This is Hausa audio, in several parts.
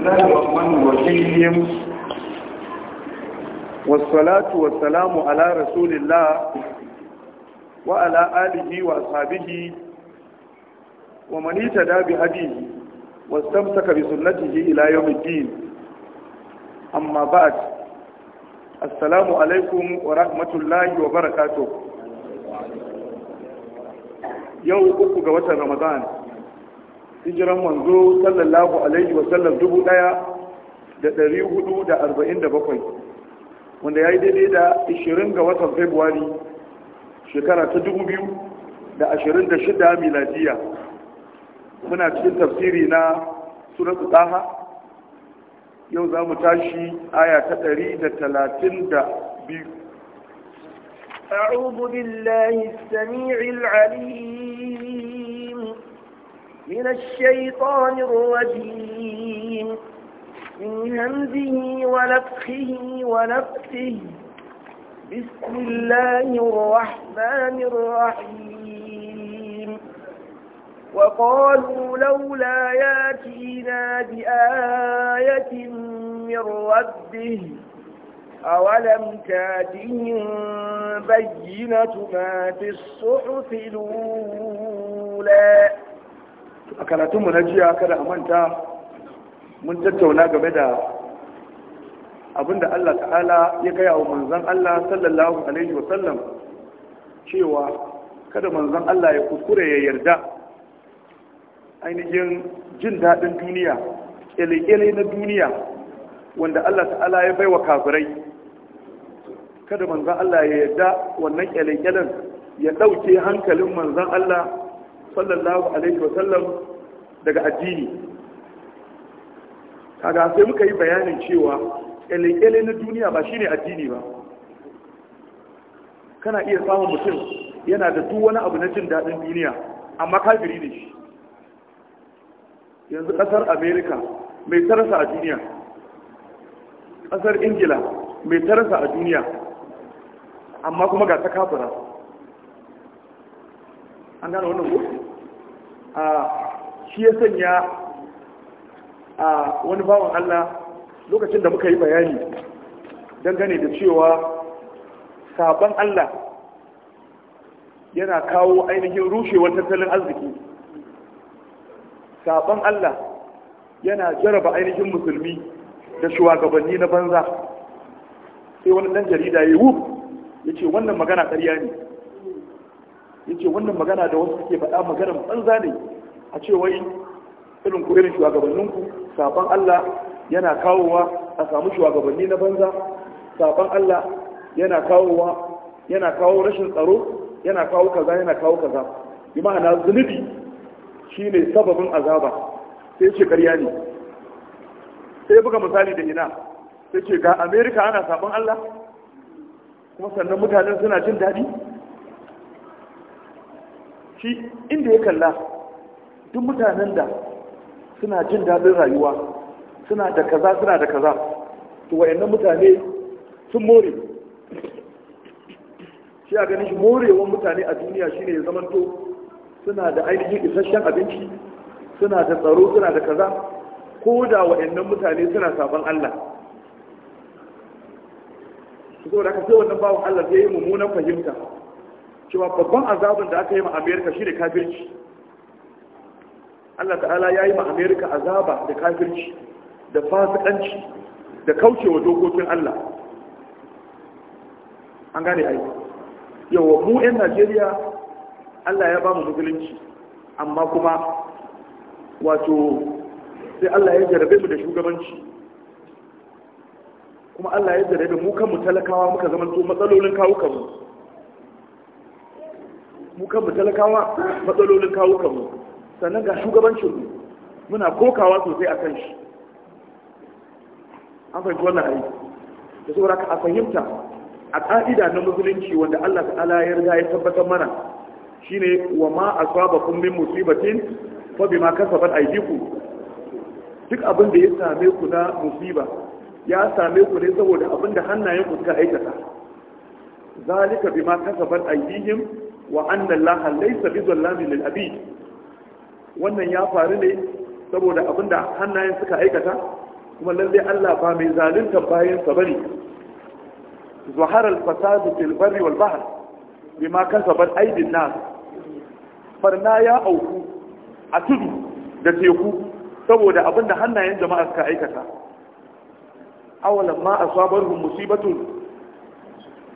الله الرحمن الرحيم والصلاة والسلام على رسول الله وعلى آله وأصحابه ومن اهتدى بهديه واستمسك بسنته إلى يوم الدين أما بعد السلام عليكم ورحمة الله وبركاته يوم أكو رمضان hijiran manzo sallallahu alaihi wa sallam dubu daya da dari hudu da arba'in da bakwai wanda ya yi daidai da ishirin ga watan februari shekara ta dubu biyu da ashirin da shida miladiya muna cikin tafsiri na suratu taha yau za mu tashi aya ta dari da talatin da biyu أعوذ بالله السميع العليم من الشيطان الرجيم من همزه ونفخه ونفخه بسم الله الرحمن الرحيم وقالوا لولا ياتينا بآية من ربه أولم تاتهم بينة ما في الصحف الأولى a karatunmu na jiya kada a manta mun tattauna game da abinda Allah ta'ala ya gaya wa manzan Allah sallallahu alaihi wasallam cewa kada manzan Allah ya kuskure ya yarda ainihin jin daɗin duniya ƙyale-ƙyale na duniya wanda Allah ta'ala ya bai wa kafirai kada manzan Allah ya yarda wannan ƙyale-ƙyalen ya ɗauke hankalin manzan Allah sallallahu alaihi wasallam daga addini kaga sai muka yi bayanin cewa ƙyale-ƙyale na duniya ba shine addini ba kana iya samun mutum yana da duk wani abu na jin daɗin duniya amma kafiri ne shi yanzu ƙasar amerika mai tarasa a duniya ƙasar ingila mai tarasa a duniya amma kuma ga ta kafira an gane wannan gobe a shi ya sanya a wani bawan Allah lokacin da muka yi bayani dangane da cewa sabon Allah yana kawo ainihin rushewar tattalin arziki sabon Allah yana jaraba ainihin musulmi da shugabanni na banza sai wani ɗan jarida ya yi wuf ya ce wannan magana ƙarya ne yace wannan magana da wasu suke faɗa maganar banza ne a ce wai irin ku irin shugabanninku saban Allah yana kawowa a samu shugabanni na banza saban Allah yana kawowa yana kawo rashin tsaro yana kawo kaza yana kawo kaza bi ma'ana zunubi shine sababin azaba sai ce ƙarya ne sai buga misali da ina sai ce ga America ana saban Allah kuma sannan mutanen suna jin daɗi shi inda ya kalla duk mutanen da suna jin daɗin rayuwa suna da kaza suna da kaza to wayannan mutane sun more shi a ganin shi morewan mutane a duniya shine ya to suna da ainihin isasshen abinci suna da tsaro suna da kaza ko da wayannan mutane suna sabon Allah saboda haka sai wannan bawon Allah zai yi mummunan fahimta cewa babban azabin da aka yi ma amerika shi da kafirci allah ta'ala ya yi ma amerika azaba da kafirci da fasikanci da kaucewa dokokin allah an gane aiki yawa mu 'yan najeriya allah ya ba mu musulunci amma kuma wato sai allah ya jarabe mu da shugabanci kuma allah ya jarabe mu kanmu talakawa muka zama matsalolin kawukanmu mu talakawa matsalolin kawo kanmu sannan ga shugabancin mu muna kokawa sosai a kan shi an fahimci wannan hari da saboda ka a fahimta a ƙa'ida na musulunci wanda Allah ala ya riga ya tabbatar mana shine wa ma asabakum min musibatin fa bima kasabat aydikum duk abin da ya same ku na musiba ya same ku ne saboda abin da hannayen ku suka aikata zalika bima kasabat aydihim wa anna allaha laysa bizallamin lil wannan ya faru ne saboda abinda hannayen suka aikata kuma lalle Allah ba mai zalunta bayan ba ne. Zuharar al-fasad fil barri wal bahr bima kasabat farna ya auku a tudu da teku saboda abinda hannayen jama'a suka aikata awalan ma a asabarhum musibatun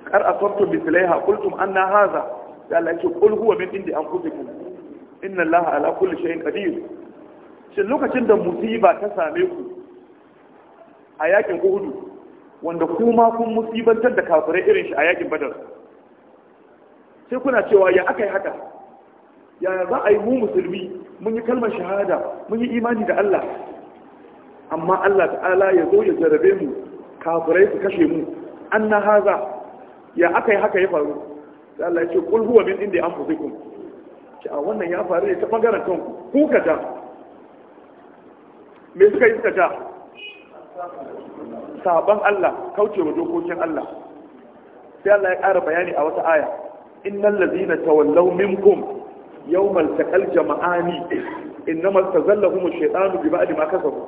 kar asabtum mithlaiha qultum anna haza. da Allah ce qul huwa min indi anfusikum inna Allah ala kulli shay'in qadir shin lokacin da musiba ta same ku a yakin Uhud wanda kuma kun musibantar da kafirai irin shi a yakin Badar sai kuna cewa ya akai haka ya za a yi mu musulmi mun yi kalmar shahada mun yi imani da Allah amma Allah ta'ala ya zo ya jarabe mu kafirai su kashe mu an haza ya akai haka ya faru sai Allah ya ce kul huwa min indi anfusikum ce a wannan ya faru ne ta bangaren kanku ku ka ja me suka yi suka ja saban Allah kaucewa dokokin Allah sai Allah ya ƙara bayani a wata aya innal ladzina tawallaw minkum yawmal taqal jama'ani innama tazallahum ash-shaytanu bi ba'di ma kasabu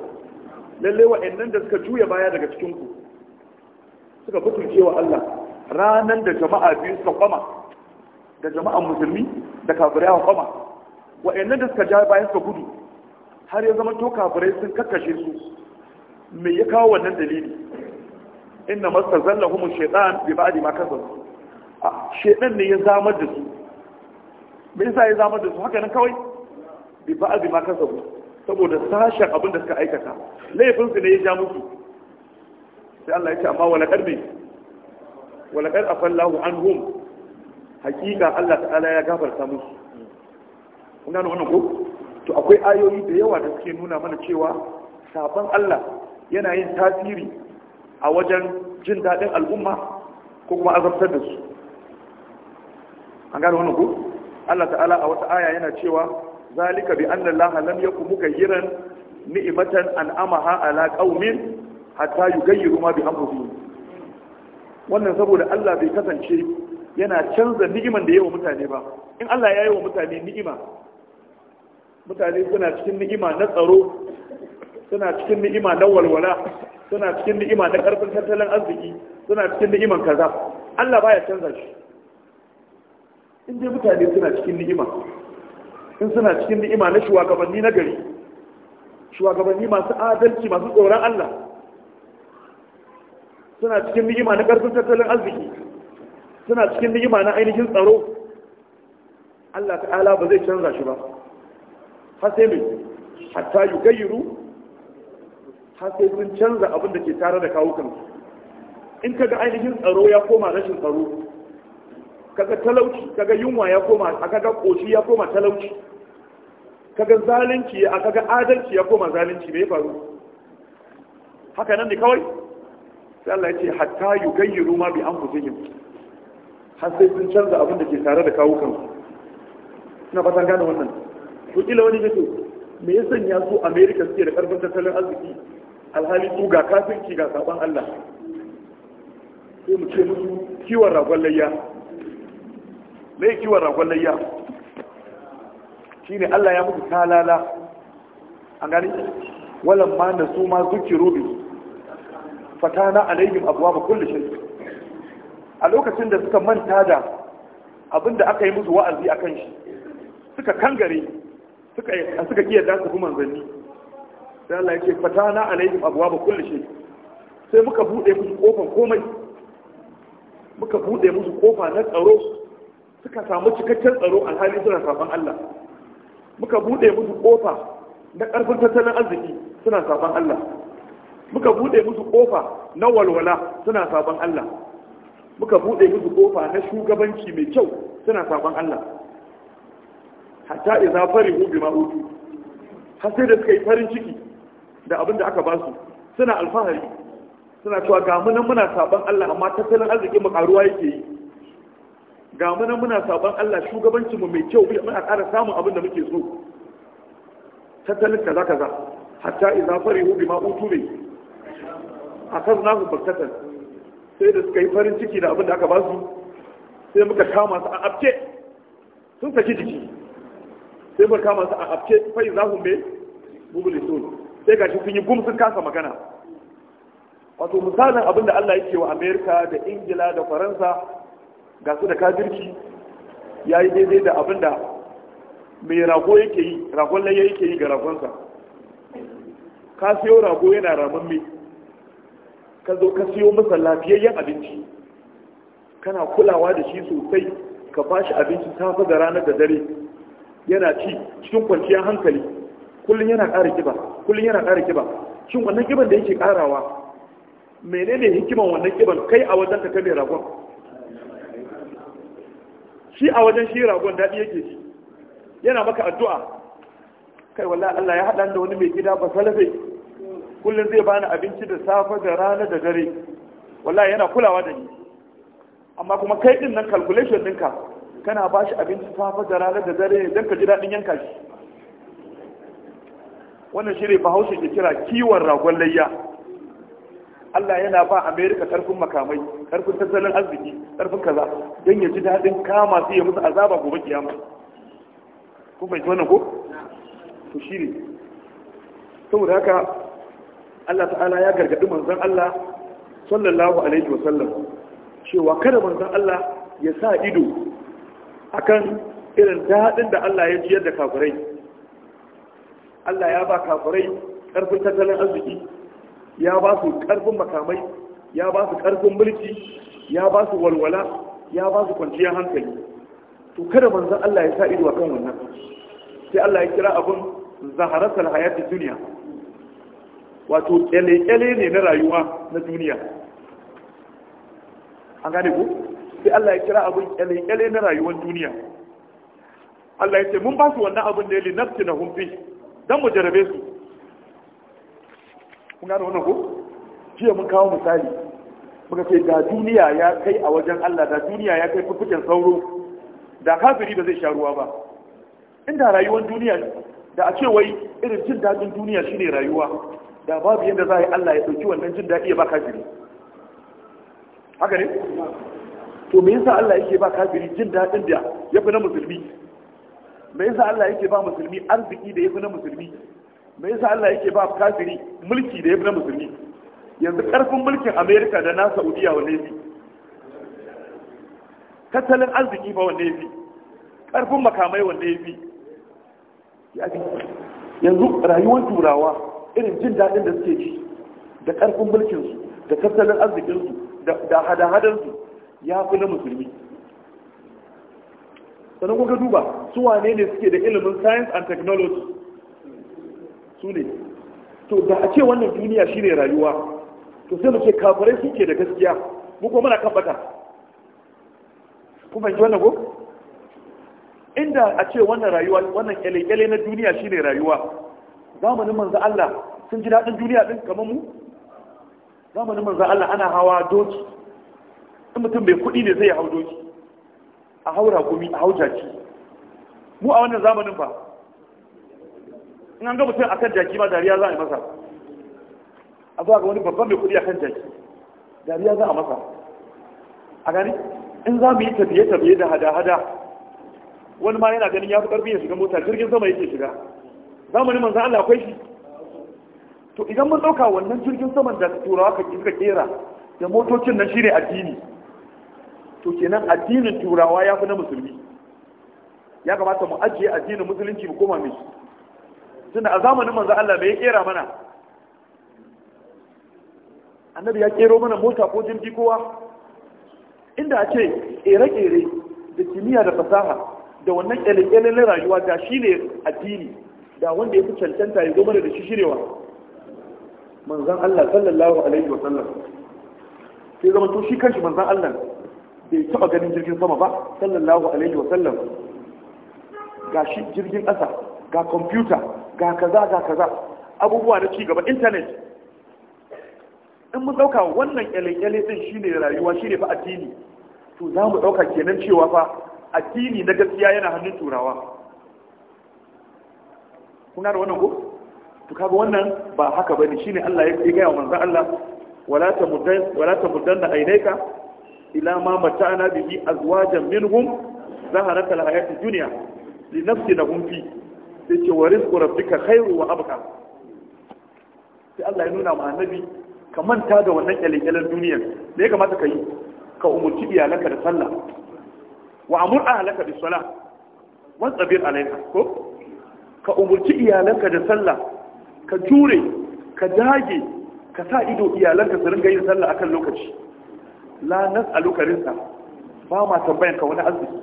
lalle wa'annan da suka juya baya daga cikin ku suka butulce wa Allah ranar da jama'a biyu suka kwama da jama'an musulmi da kafirai a kwama wa'annan da suka ja bayan suka gudu har ya zama to kafirai sun kakkashe su me ya kawo wannan dalili inna masta zallahum shaytan bi ba'di ma kasabu shaitan ne ya zama da su me yasa ya zama da su haka nan kawai bi ba'di ma kasabu saboda sashen abin da suka aikata laifin su ne ya ja musu sai Allah ya ce amma wala karbi walaqad afallahu anhum hakika Allah ta'ala ya gafarta musu kun gano wannan ko to akwai ayoyi da yawa da suke nuna mana cewa sabon Allah yana yin tasiri a wajen jin daɗin al'umma ko kuma azabtar da su an gano wannan ko Allah ta'ala a wata aya yana cewa zalika bi anna Allah lam yakum mugayyiran ni'matan an'amaha ala qaumin hatta yughayyiru ma bi anfusihim wannan saboda Allah bai kasance yana canza ni'iman da yawa mutane ba in Allah ya yi wa mutane ni'ima mutane suna cikin ni'ima na tsaro suna cikin ni'ima na walwala suna cikin ni'ima na karfin tattalin arziki suna cikin ni'iman kaza Allah baya canza shi in dai mutane suna cikin ni'ima in suna cikin ni'ima na shugabanni na gari shugabanni masu adalci masu tsoron Allah suna cikin ni'ima na ƙarfin tattalin arziki suna cikin ni'ima na ainihin tsaro Allah ta'ala ba zai canza shi ba har sai mai hatta yi gayyaru har sai sun canza abin da ke tare da kawukan in kaga ainihin tsaro ya koma rashin tsaro kaga talauci kaga yunwa ya koma a kaga ƙoshi ya koma talauci kaga zalunci a kaga adalci ya koma zalunci bai faru haka nan ne kawai sai Allah ya ce hatta yugayyiru ma bi anfusihim har sai sun canza abin da ke tare da kawukan ina fatan gane wannan to kila wani yace me ya sanya su America suke da karfin tattalin arziki alhali su ga kafinci ga saban Allah sai mu ce musu kiwon ragon layya me kiwon ragon layya shine Allah ya muku talala an gani walamma su ma zukiru bi fatana alaihim ba kulli shay a lokacin da suka manta da abinda aka yi musu wa'azi akan shi suka kangare suka suka kiyar da su kuma zanni sai Allah yake fatana alaihim ba kulli shay sai muka bude musu kofar komai muka bude musu kofa na tsaro suka samu cikakken tsaro alhali suna saban Allah muka bude musu kofa na karfin tattalin arziki suna saban Allah muka bude musu kofa na walwala suna sabon Allah muka bude musu kofa na shugabanci mai kyau suna sabon Allah hatta idza farihu bima utu har sai da suka yi farin ciki da abin da aka ba su suna alfahari suna cewa ga mu nan muna sabon Allah amma tattalin arziki mu karuwa yake yi ga mu nan muna sabon Allah shugabancin mu mai kyau muna ƙara samun abin da muke so tattalin kaza kaza hatta idza farihu bima utu ne a kan nasu bakatar sai da suka yi farin ciki da abin da aka ba su sai muka kama su a abke sun saki jiki sai muka kama su a abke fai za su mai bubule so sai ga shi sun yi gum sun kasa magana wato misalin abin da Allah yake wa Amerika da Ingila da Faransa ga su da kafirci ya yi daidai da abin da mai rago yake yi ragon laye yake yi ga ragonsa ka siyo rago yana ramamme ka zo ka siyo masa lafiyayyen abinci kana kulawa da shi sosai ka ba shi abinci safe da ranar da dare yana ci cikin kwanciyar hankali kullum yana ƙara kiba kullum yana ƙara kiba shin wannan kiban da yake ƙarawa menene hikiman wannan kiban kai a wajen ka kame ragon shi a wajen shi ragon daɗi yake shi yana maka addu'a kai wallahi Allah ya haɗa da wani mai gida ba salafe kullum zai bani abinci da safe da rana da dare wallahi yana kulawa da ni amma kuma kai din nan calculation ɗinka kana ba shi abinci safe da rana da dare don ka ji daɗin yanka shi wannan shi ne bahaushe ke kira kiwon ragon layya Allah yana ba Amerika ƙarfin makamai ƙarfin tattalin arziki ƙarfin kaza don ya ji daɗin kama su ya musu azaba gobe kiyama Kuma fahimci wannan ko to shi ne saboda haka Allah ta'ala ya gargadi manzon Allah sallallahu alaihi wasallam cewa kada manzon Allah ya sa ido akan irin daɗin da Allah ya jiyar da kafirai Allah ya ba kafirai ƙarfin tattalin arziki ya ba su ƙarfin makamai ya ba su ƙarfin mulki ya ba su walwala ya ba su kwanciyar hankali to kada manzon Allah ya sa ido akan wannan sai Allah ya kira abun zaharatul hayatid duniya wato ƙyale-ƙyale ne na rayuwa na duniya an gane ku sai Allah ya kira abin ƙyale-ƙyale na rayuwar duniya Allah ya ce mun ba su wannan abin da ya li nafsi na hunfi don mu jarabe su kun gane wannan ku jiya mun kawo misali muka ce da duniya ya kai a wajen Allah da duniya ya kai fufukin sauro da kafiri ba zai sha ruwa ba inda rayuwar duniya da a ce wai irin cin dajin duniya shine rayuwa da babu yadda za a yi Allah ya sauki wannan jin daɗi ya ba kafiri haka ne to me yasa Allah yake ba kafiri jin daɗin da ya fi na musulmi me yasa Allah yake ba musulmi arziki da ya fi na musulmi me yasa Allah yake ba kafiri mulki da ya fi na musulmi yanzu ƙarfin mulkin Amerika da na Saudiya wanne yafi tattalin arziki ba wanne yafi ƙarfin makamai wanne yafi yanzu rayuwar turawa irin jin daɗin da suke ci da ƙarfin mulkinsu da tattalin arzikinsu da hada-hadarsu ya fi na musulmi sannan kuka duba su wane ne suke da ilimin science and technology su ne to da a ce wannan duniya shi ne rayuwa to sai mu ce kafirai suke da gaskiya mu kuma muna kambata. kuma yi wannan ko inda a ce wannan rayuwa wannan kyale-kyale na duniya shi ne rayuwa zamanin manzo Allah sun ji daɗin duniya ɗin kamar mu zamanin manzo Allah ana hawa doki in mutum bai kuɗi ne zai hau doki a haura gumi, a hau jaki mu a wannan zamanin ba in an ga mutum akan jaki ma dariya za a yi masa a zuwa ga wani babban mai kuɗi akan jaki dariya za a masa a gani in za mu yi tafiye-tafiye da hada-hada wani ma yana ganin ya fi ƙarfi ya shiga mota jirgin sama yake shiga zamanin manzan Allah akwai shi to idan mun ɗauka wannan jirgin saman da turawa ka suka kera da motocin nan ne addini to kenan addinin turawa ya fi na musulmi ya kamata mu ajiye addinin musulunci mu koma mai tunda a zamanin manzan Allah bai kera mana annabi ya kero mana mota ko jirgi kowa inda a ce kere-kere da kimiyya da fasaha da wannan kyale-kyalen rayuwa da shi ne addini da wanda ya fi cancanta ya zo mana da shi shirewa manzan Allah sallallahu alaihi wa sallam sai zama to shi kanshi manzan Allah bai taba ganin jirgin sama ba sallallahu alaihi wa sallam ga shi jirgin ƙasa ga kwamfuta ga kaza ga kaza abubuwa na ci gaba intanet in mu ɗauka wannan kyale-kyale ɗin shine rayuwa shine fa addini to za mu ɗauka kenan cewa fa addini na gaskiya yana hannun turawa kun gane wannan ko to kaga wannan ba haka bane shine Allah ya gaya wa manzon Allah wala tamuddan wala tamuddan da ainaika ila ma mata'ana bihi azwajan minhum zaharat alhayat dunya li fi sai ce wa rabbika khairu wa abqa sai Allah ya nuna ma annabi ka manta da wannan kyalekyalen duniyar da ya kamata ka yi ka umarci iyalanka da sallah wa amur ahlaka bis sala wan tsabir alayka ko ka umarci iyalanka da sallah ka jure ka dage ka sa ido iyalanka su ringa yin sallah akan lokaci la a karinsa ba ma tambayan ka wani arziki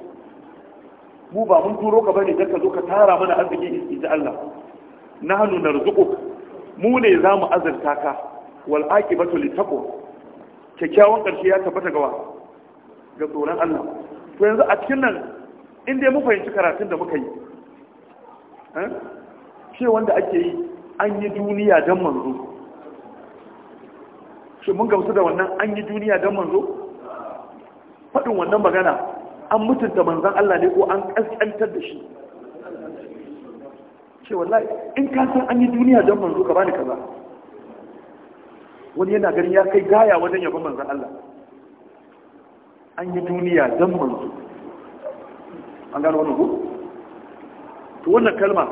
mu ba mun turo ka bane dan ka zo ka tara mana arziki inda Allah nahnu narzuqu mu ne zamu azurta ka wal aqibatu taqwa kyakkyawan karshe ya tabbata gawa ga tsoron Allah to yanzu a cikin nan in dai mu fahimci karatun da muka yi ce eh? wanda ake yi an yi duniya don manzo shi mun gamsu da wannan an yi duniya don manzo faɗin wannan magana an mutunta manzan Allah ne ko an ƙasƙantar da shi ce wallahi in ka san an yi duniya don manzo ka bani kaza wani yana ganin ya kai gaya wajen yabon manzan Allah an yi duniya don manzo an gano wani ku to wannan kalma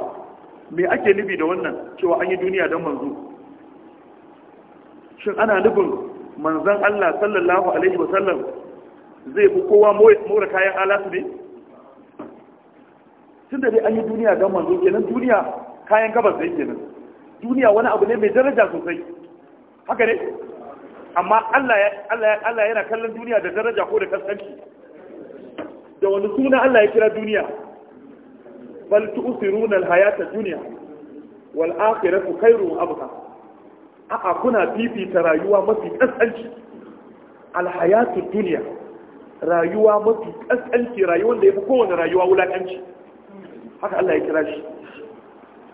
me ake nufi da wannan cewa an yi duniya don manzo shin ana nufin manzan Allah sallallahu alaihi wasallam zai fi kowa more kayan alasu ne tun da dai an yi duniya don manzo kenan duniya kayan gabas da kenan duniya wani abu ne mai daraja sosai haka ne amma Allah yana kallon duniya da daraja ko da kasance. da wani suna Allah ya kira duniya bal tu'thiruna hayata dunya wal akhiratu khairun abqa a'a kuna fifita rayuwa mafi kasanci al-hayatu dunya rayuwa mafi kasanci rayuwar da yafi kowane rayuwa wulakanci haka Allah ya kira shi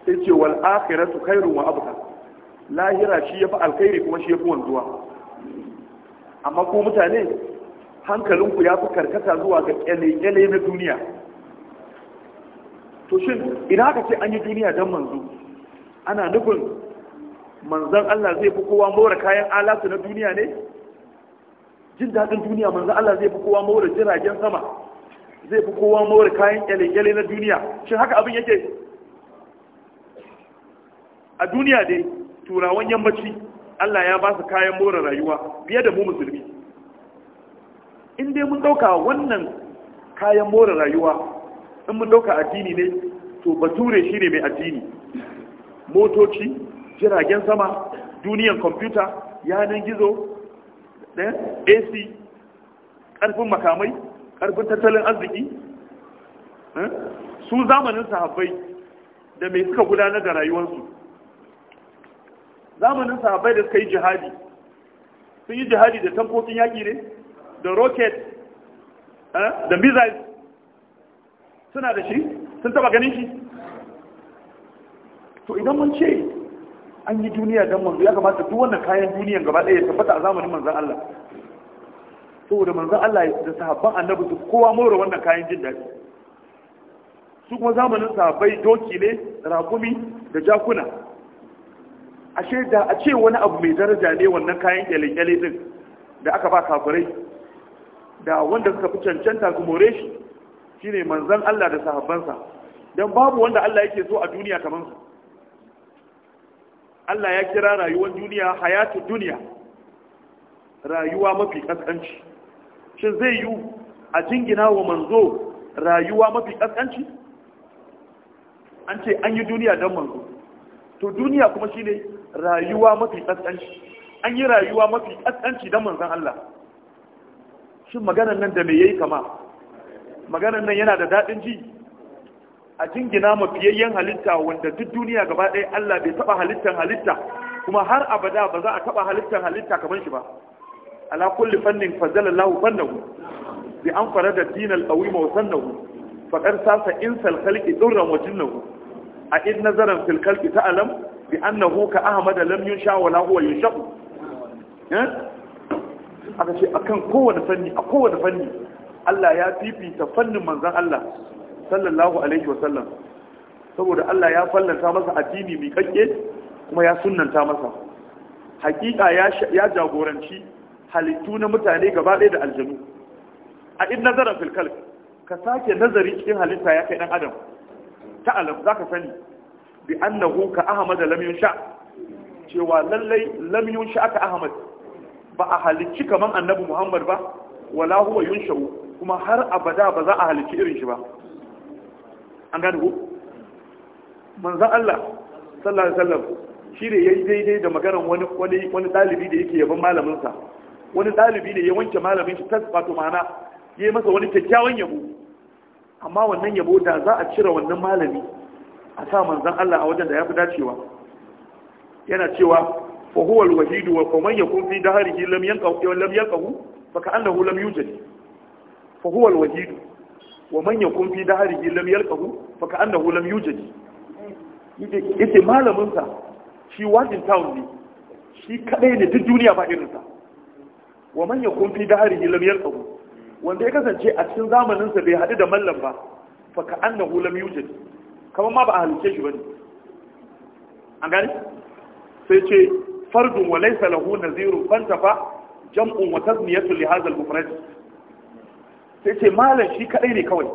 sai ce wal akhiratu khairun wa abqa lahira shi yafi alkhairi kuma shi wanzuwa amma ko mutane hankalinku ya fi karkata zuwa ga ƙyale kyale na duniya to shin idan haka ce an yi duniya don manzo ana nufin manzan Allah zai fi kowa more kayan alatu na duniya ne jin daɗin duniya manzan Allah zai fi kowa more jiragen sama zai fi kowa more kayan ƙyale-ƙyale na duniya shin haka abin yake a duniya dai turawan yammaci Allah ya ba su kayan more rayuwa fiye da mu musulmi in dai mun ɗauka wannan kayan more rayuwa in mun dauka addini ne to bature shi ne mai addini motoci jiragen sama duniyan kwamfuta yanar gizo eh, ac karfin makamai karfin tattalin arziki eh, su zamanin sahabbai da mai suka gudanar da rayuwarsu zamanin sahabbai da suka yi jihadi sun yi jihadi da tankokin yaƙi ne da rocket eh, da missiles suna da shi sun taba ganin shi to idan mun ce an yi duniya don manzo ya kamata duk wannan kayan duniyan gaba ɗaya ya tabbata a zamanin manzan Allah saboda manzan Allah da sahabban annabi su kowa more wannan kayan jin daɗi su kuma zamanin sahabbai doki ne rakumi da jakuna ashe da a ce wani abu mai daraja ne wannan kayan kyale din da aka ba kafirai da wanda suka fi cancanta su more shi shine manzon Allah da sahabbansa dan babu wanda Allah yake so a duniya kamar su Allah ya kira rayuwar duniya hayatu duniya rayuwa mafi kaskanci shin zai yi a jingina wa manzo rayuwa mafi kaskanci an ce an yi duniya don manzo to duniya kuma shine rayuwa mafi kaskanci an yi rayuwa mafi kaskanci don manzon Allah shin maganar nan da me yayi kama maganar nan yana da daɗin ji a jingina mafiyayyen halitta wanda duk duniya gaba ɗaya Allah bai taɓa halittan halitta kuma har abada ba za a taɓa halittan halitta kamar shi ba ala kulli fannin fazala lahu fannahu bi an farada din al-qawim wa sannahu faqad sasa insal khalqi durran wa jinnahu a id nazaran fil khalqi ta'lam bi annahu ka ahmada lam yunsha wa la huwa yunshaq eh? aka ce akan kowane fanni a kowane fanni Allah ya fifita fannin manzan Allah sallallahu alaihi wasallam saboda Allah ya fallanta masa addini mai kakke kuma ya sunnanta masa hakika ya jagoranci halittu na mutane gaba ɗaya da aljanu a in nazara fil kalb ka sake nazari cikin halitta ya kai dan adam ta alam zaka sani bi annahu ka ahmad lam yunsha cewa lallai lam yunsha ka ahmad ba a halicci kaman annabi muhammad ba wala huwa yunshau kuma har abada ba za a halici irin shi ba an gane ko manzan Allah sallallahu alaihi wasallam shi ne yayi daidai da maganar wani wani dalibi da yake yaban malamin sa wani dalibi ne ya wanke malamin shi tasbatu mana yayi masa wani kyakkyawan yabo amma wannan yabo da za a cire wannan malami a sa manzan Allah a wajen da ya fi dacewa yana cewa fa huwa al wa man yakun fi dahrihi lam yanqahu lam yanqahu fa ka'annahu lam yujad fa huwa al-wahid wa man yakun fi dahrihi lam yalqahu fa ka'annahu lam yujad yace malamin sa shi wajin town ne shi kadai ne duk duniya ba irin sa wa manya kun fi dahrihi lam yalqahu wanda ya kasance a cikin zamanin sa bai hadu da mallam ba fa ka'annahu lam yujad kamar ma ba a halice shi bane an gani sai ce fardun wa laysa lahu nazirun fantafa jam'un wa tasmiyatu li hadha al-mufrad sai ce malam shi kadai ne kawai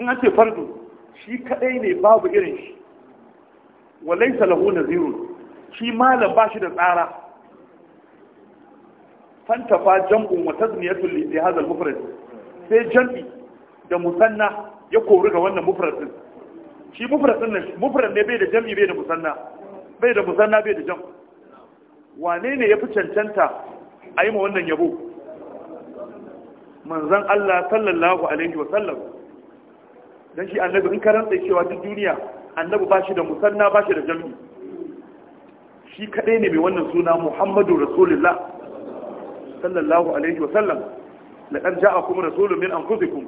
in an ce fardu shi kadai ne babu irin shi walai salahu nazirun shi malam ba shi da tsara fantafa jam'un wa tazniyatun Tulli hadha al-mufrad sai jam'i da musanna ya kori ga wannan mufrad din shi mufrad din mufrad ne bai da jam'i bai da musanna bai da musanna bai da jam' wane ne ya fi cancanta a yi ma wannan yabo manzon Allah sallallahu alaihi wa sallam dan shi annabi in karanta cewa duk duniya annabi ba shi da musanna ba shi da jami shi kadai ne mai wannan suna Muhammadu Rasulullah sallallahu alaihi wa sallam laqad ja'akum rasulun min anfusikum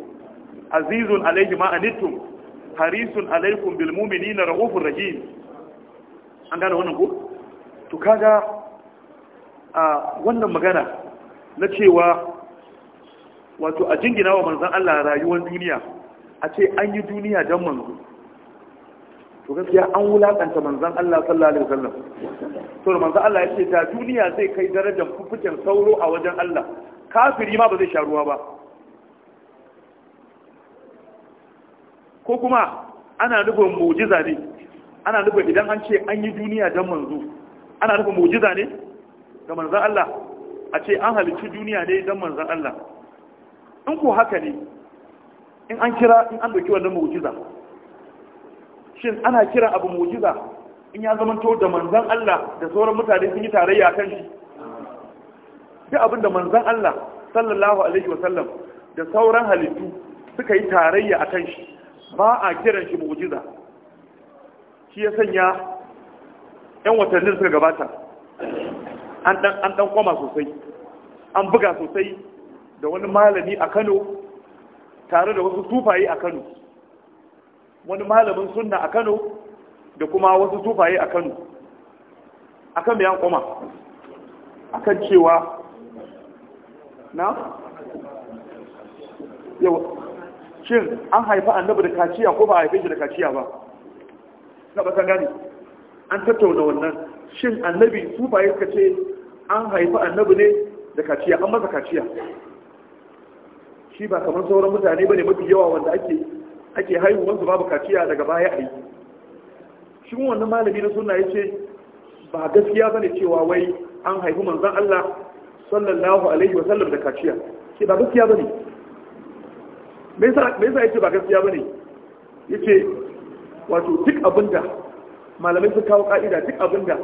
azizun alaihi ma anittum harisun alaikum bil mu'minina raufur rahim an gane wannan ko to kaga a wannan magana na cewa wato a jingina wa manzan Allah rayuwar duniya a ce an yi duniya don manzo to gaskiya an wulaƙanta manzan Allah sallallahu alaihi wasallam to manzan Allah ya ce ta duniya zai kai darajar fufukin sauro a wajen Allah kafiri ma ba zai sha ruwa ba ko kuma ana nufin mujiza ne ana nufin idan an ce an yi duniya don manzo ana nufin mujiza ne ga manzan Allah a ce an halicci duniya ne don manzan Allah in ku haka ne in an kira in an doki wannan mu'jiza shin ana kira abu mu'jiza in ya zama to da manzan Allah da sauran mutane sun yi tarayya kan shi duk abin da manzan Allah sallallahu alaihi wa sallam da sauran halittu suka yi tarayya a kan shi ba a kiran shi mu'jiza shi ya sanya yan watannin suka gabata an dan koma sosai an buga sosai da wani malami a Kano tare da wasu tufaye a Kano wani malamin sunna a Kano da kuma wasu tufaye a Kano akan me kuma koma akan cewa na yau shin an haifa annabi da kaciya ko ba a haife shi da kaciya ba na ba gani an tattauna wannan shin annabi tufaye suka ce an haifa annabi ne da kaciya an masa kaciya shi ba kamar sauran mutane bane mafi yawa wanda ake ake haihuwar su babu kaciya daga baya a yi shi wannan malami na sunna ce ba gaskiya bane cewa wai an haihu manzan Allah sallallahu alaihi wa sallam da kaciya ke ba gaskiya bane me yasa me yasa yace ba gaskiya bane yace wato duk abinda malamai sun kawo ka'ida duk abinda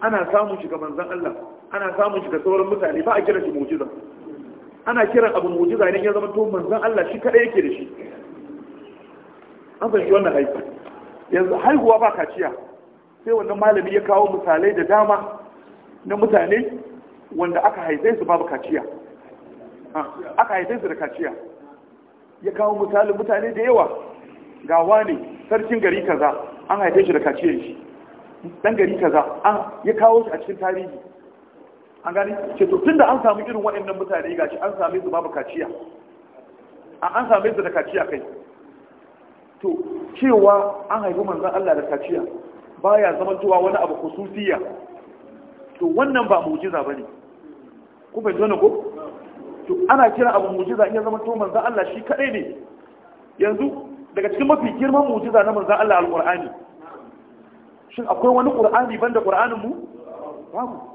ana samun shi ga manzan Allah ana samun shi ga sauran mutane ba a kira shi mu'jiza ana kiran abu mujiza idan ya zama to manzan Allah shi kadai yake da shi an shi wannan haifa yanzu haihuwa ba kaciya sai wannan malami ya kawo misalai da dama na mutane wanda aka haife su babu kaciya aka haife su da kaciya ya kawo misalin mutane da yawa ga wani sarkin gari kaza an haife shi da kaciyar shi dan gari kaza an ya kawo shi a cikin tarihi an gani ce to tunda an samu irin waɗannan mutane gashi an same su babu kaciya an same su da kaciya kai to cewa an haifi manzan Allah da kaciya baya zaman cewa wani abu kususiya to wannan ba mujiza bane ku bai zo ko to ana kira abu mujiza in ya zama to manzan Allah shi kadai ne yanzu daga cikin mafi girman mujiza na manzan Allah alqur'ani shin akwai wani qur'ani banda qur'anin mu babu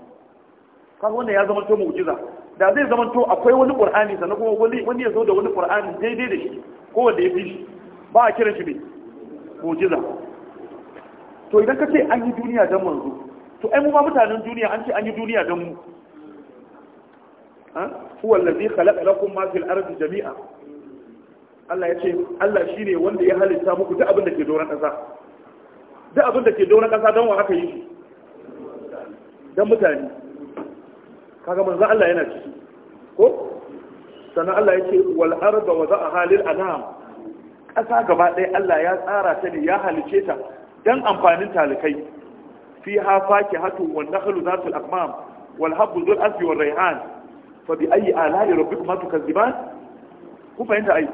kaga wannan ya zama to mu'jiza da zai zama to akwai wani qur'ani sannan kuma wani wani ya zo da wani qur'ani daidai da shi ko wanda ya fi shi ba a kira shi ne mu'jiza to idan ka ce an yi duniya don manzo to ai mu ma mutanen duniya an ce an yi duniya don mu huwa allazi khalaqa lakum ma fil ardi jami'a Allah ya ce Allah shine wanda ya halitta muku duk abin da ke doron ƙasa duk abin da ke doron ƙasa don wa aka yi shi don mutane kaga manzo Allah yana ciki ko sannan Allah yake wal arda wa za'a halil anam ƙasa gaba ɗaya Allah ya tsara ta ne ya halice ta dan amfanin talikai fi ha faki hatu wan nakhlu zatul akmam wal habbu zul asfi wal rayhan fa bi ayi ala'i rabbikuma tukazziban ku fahimta ai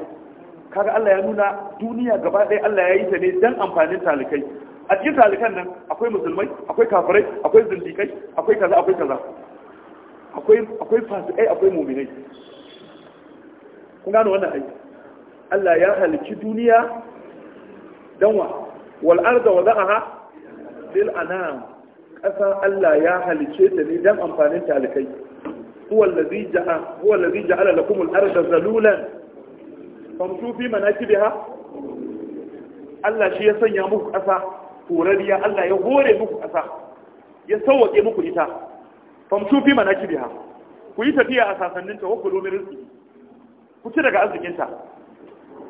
kaga Allah ya nuna duniya gaba ɗaya Allah ya yi ta ne dan amfanin talikai a cikin talikan nan akwai musulmai akwai kafirai akwai zindikai akwai kaza akwai kaza akwai fasikai eh, akwai muminai kun gano wannan aiki Allah ya halicci duniya danwa wal arda wa za'aha lil anam Ƙasa Allah ya halicce ta ne don amfanin talikai huwa allazi ja'a huwa allazi ja'ala lakum al arda zalulan famshu fi manakibiha Allah shi ya sanya muku ƙasa. horariya Allah ya hore muku ƙasa. ya sauwaƙe muku ita famtu fi manakibiha ku yi tafiya a sasannin ta wakulu min rizqi ku ci daga arzikin ta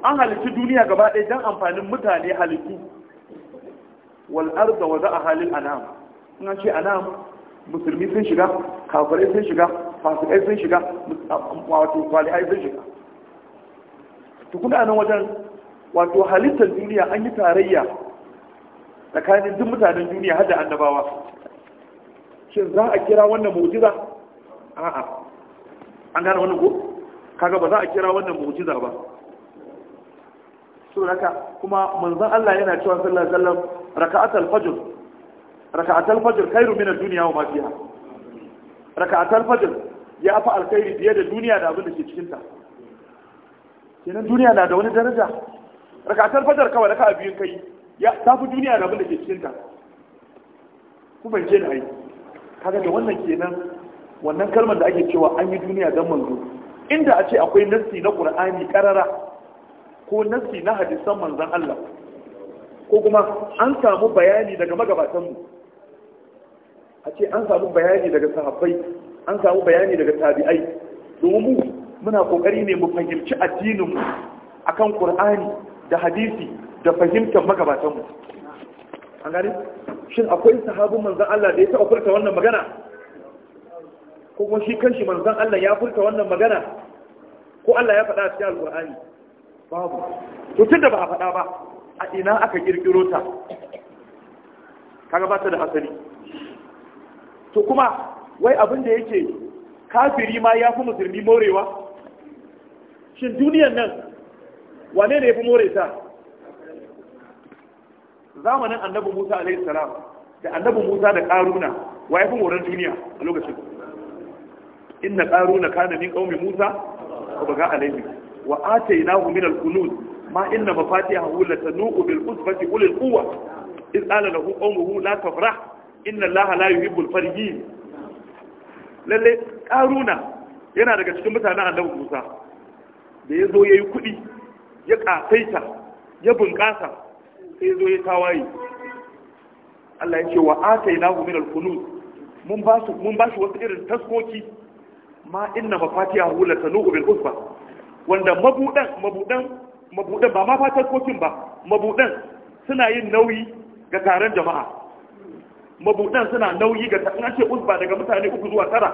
an halitta duniya gaba ɗaya don amfanin mutane halittu wal arda wa a halin anam in an ce anam musulmi sun shiga kafirai sun shiga fasikai sun shiga wato salihai sun shiga tukuna nan wajen wato halittar duniya an yi tarayya tsakanin duk mutanen duniya har da annabawa shin za a kira wannan mu'jiza a'a an gane wannan ko kaga ba za a kira wannan mu'jiza ba Sun raka. kuma manzon Allah yana cewa sallallahu alaihi wasallam raka'atul fajr raka'atul fajr khairu min ad-dunya wa ma fiha raka'atul fajr ya fa alkhairi biye da duniya da abin da ke cikin ta kenan duniya na da wani daraja raka'atul fajr kawai raka'a biyun kai ya tafi duniya da abin da ke cikin ta ku bayyana ai kaga da wannan kenan wannan kalmar da ake cewa an yi duniya don manzo inda a ce akwai nassi na qur'ani karara ko nassi na hadisan manzon Allah ko kuma an samu bayani daga magabatanmu a ce an samu bayani daga sahabbai an samu bayani daga tabi'ai domin mu muna kokari ne mu fahimci addinin mu akan qur'ani da hadisi da fahimtar magabatanmu an gane shin akwai sahabin manzan Allah da ya taɓa furta wannan magana ko kuma shi kanshi manzan Allah ya furta wannan magana ko Allah ya faɗa a cikin alƙur'ani babu to da ba a faɗa ba a ina aka kirkiro ta kaga ba ta da asali to kuma wai abin da yake kafiri ma ya fi musulmi morewa shin duniyan nan wane ne ya fi more ta zamanin annabi Musa alaihi salam da annabi Musa da Karuna wa ya fi moran duniya a lokacin inna Karuna kana min qaumi Musa wa baga alaihi wa atainahu min al-kunuz ma inna mafatihahu latanu bil usbati ulil quwwa إذ قال له قومه لا تفرح إن الله لا يحب الفرحين lalle karuna yana daga cikin mutanen annabi Musa da ya zo ya yi kuɗi ya ƙasaita ya bunƙasa sai zo ya tawaye Allah ya ce wa atainahu min al-kunuz mun ba su mun ba shi wasu irin taskoki ma inna mafatihahu nuhu bil usba wanda mabudan mabudan mabudan ba ma fatan kokin ba mabudan suna yin nauyi ga taron jama'a mabudan suna nauyi ga taron ce usba daga mutane uku zuwa tara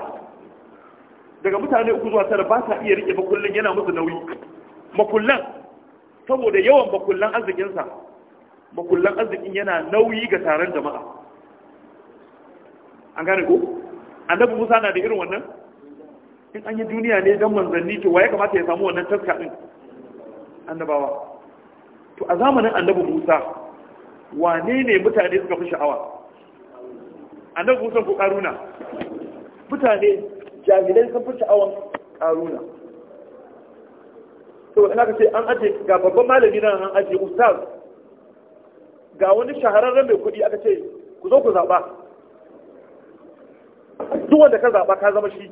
daga mutane uku zuwa tara ba ta iya rike makullin yana musu nauyi makullan saboda yawan makullan arzikinsa makullan arzikin yana nauyi ga taron jama'a an gane ko annabi musa na da irin wannan in an yi duniya ne don manzanni to waye kamata ya samu wannan taska din annabawa to a zamanin annabi musa wane ne mutane suka fi sha'awa annabi musa ko karuna mutane jami'ai sun fi sha'awan karuna to ina ka ce an aje ga babban malami nan an aje ustaz ga wani shahararren mai kuɗi aka ce ku zo ku zaɓa duk wanda ka zaɓa ka zama shi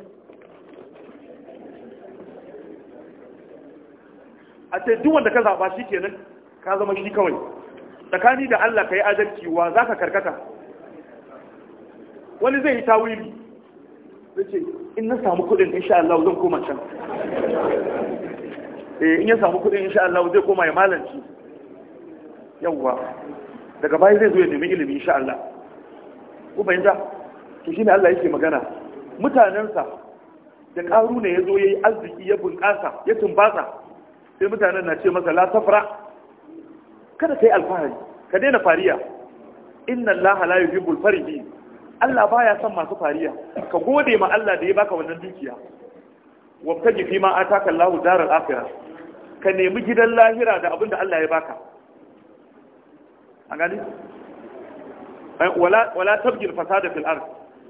a ce duk wanda ka zaɓa shi kenan ka zama shi kawai tsakani da Allah ka yi adalci wa za ka karkata wani zai yi tawili zai ce in na samu kuɗin insha Allah zan koma can eh, in ya samu kuɗin insha Allah zai koma ya malanci yawwa daga baya zai zo ya nemi ilimi insha Allah ku fahimta to shine Allah yake magana mutanensa da karu ne ya zo yayi arziki ya bunƙasa ya tumbatsa sai mutanen na ce masa la safra kada kai alfahari ka daina fariya inna Allah la yuhibbul farihi Allah baya son masu fariya ka gode ma Allah da ya baka wannan dukiya wabtaji fi ma ataka Allahu daral akhirah ka nemi gidan lahira da abinda Allah ya baka an gani wala wala fasada fil ard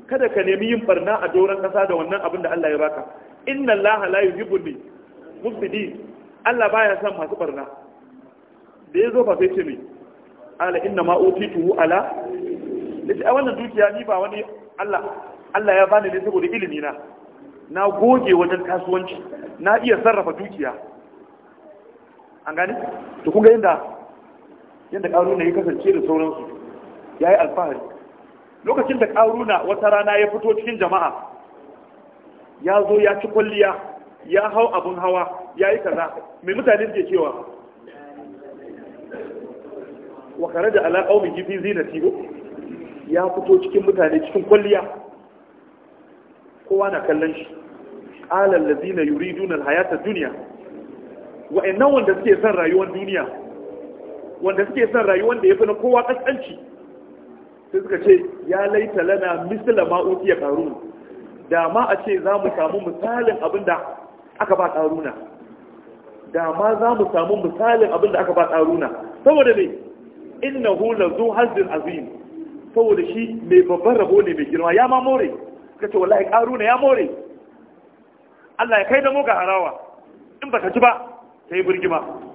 kada ka nemi yin barna a doron kasa da wannan abin da Allah ya baka inna Allah la yuhibbu mufsidin Allah baya son masu barna da yazo fa sai ce mai ala inna ma utituhu ala dace a wannan dukiya ni ba wani Allah Allah ya bani ne saboda ilimi na na goge wajen kasuwanci na iya sarrafa dukiya an gani to kun ga inda yadda ƙaruna ya kasance da sauransu ya yi alfahari lokacin da ƙaruna wata rana ya fito cikin jama'a ya zo ya ci kwalliya ya hau abin hawa ya yi kaza mai mutane ke cewa wa kare da alaƙa mai gifi zinati ko ya fito cikin mutane cikin kwalliya kowa na kallon shi alal yuri, dunar hayatar duniya wa'annan wanda suke son rayuwar duniya wanda suke son rayuwar da ya fi na kowa kaskanci sai suka ce ya laita lana misila ma'uti ya karu da ma a ce za mu samu misalin abin da aka ba karuna da ma za mu samu misalin abin da aka ba karuna saboda ne me innahu lazu hazzin azim saboda shi mai babban rabo ne mai girma ya ma more suka ce wallahi karuna ya more Allah ya kai da mu ga harawa in baka ci ba sai burgima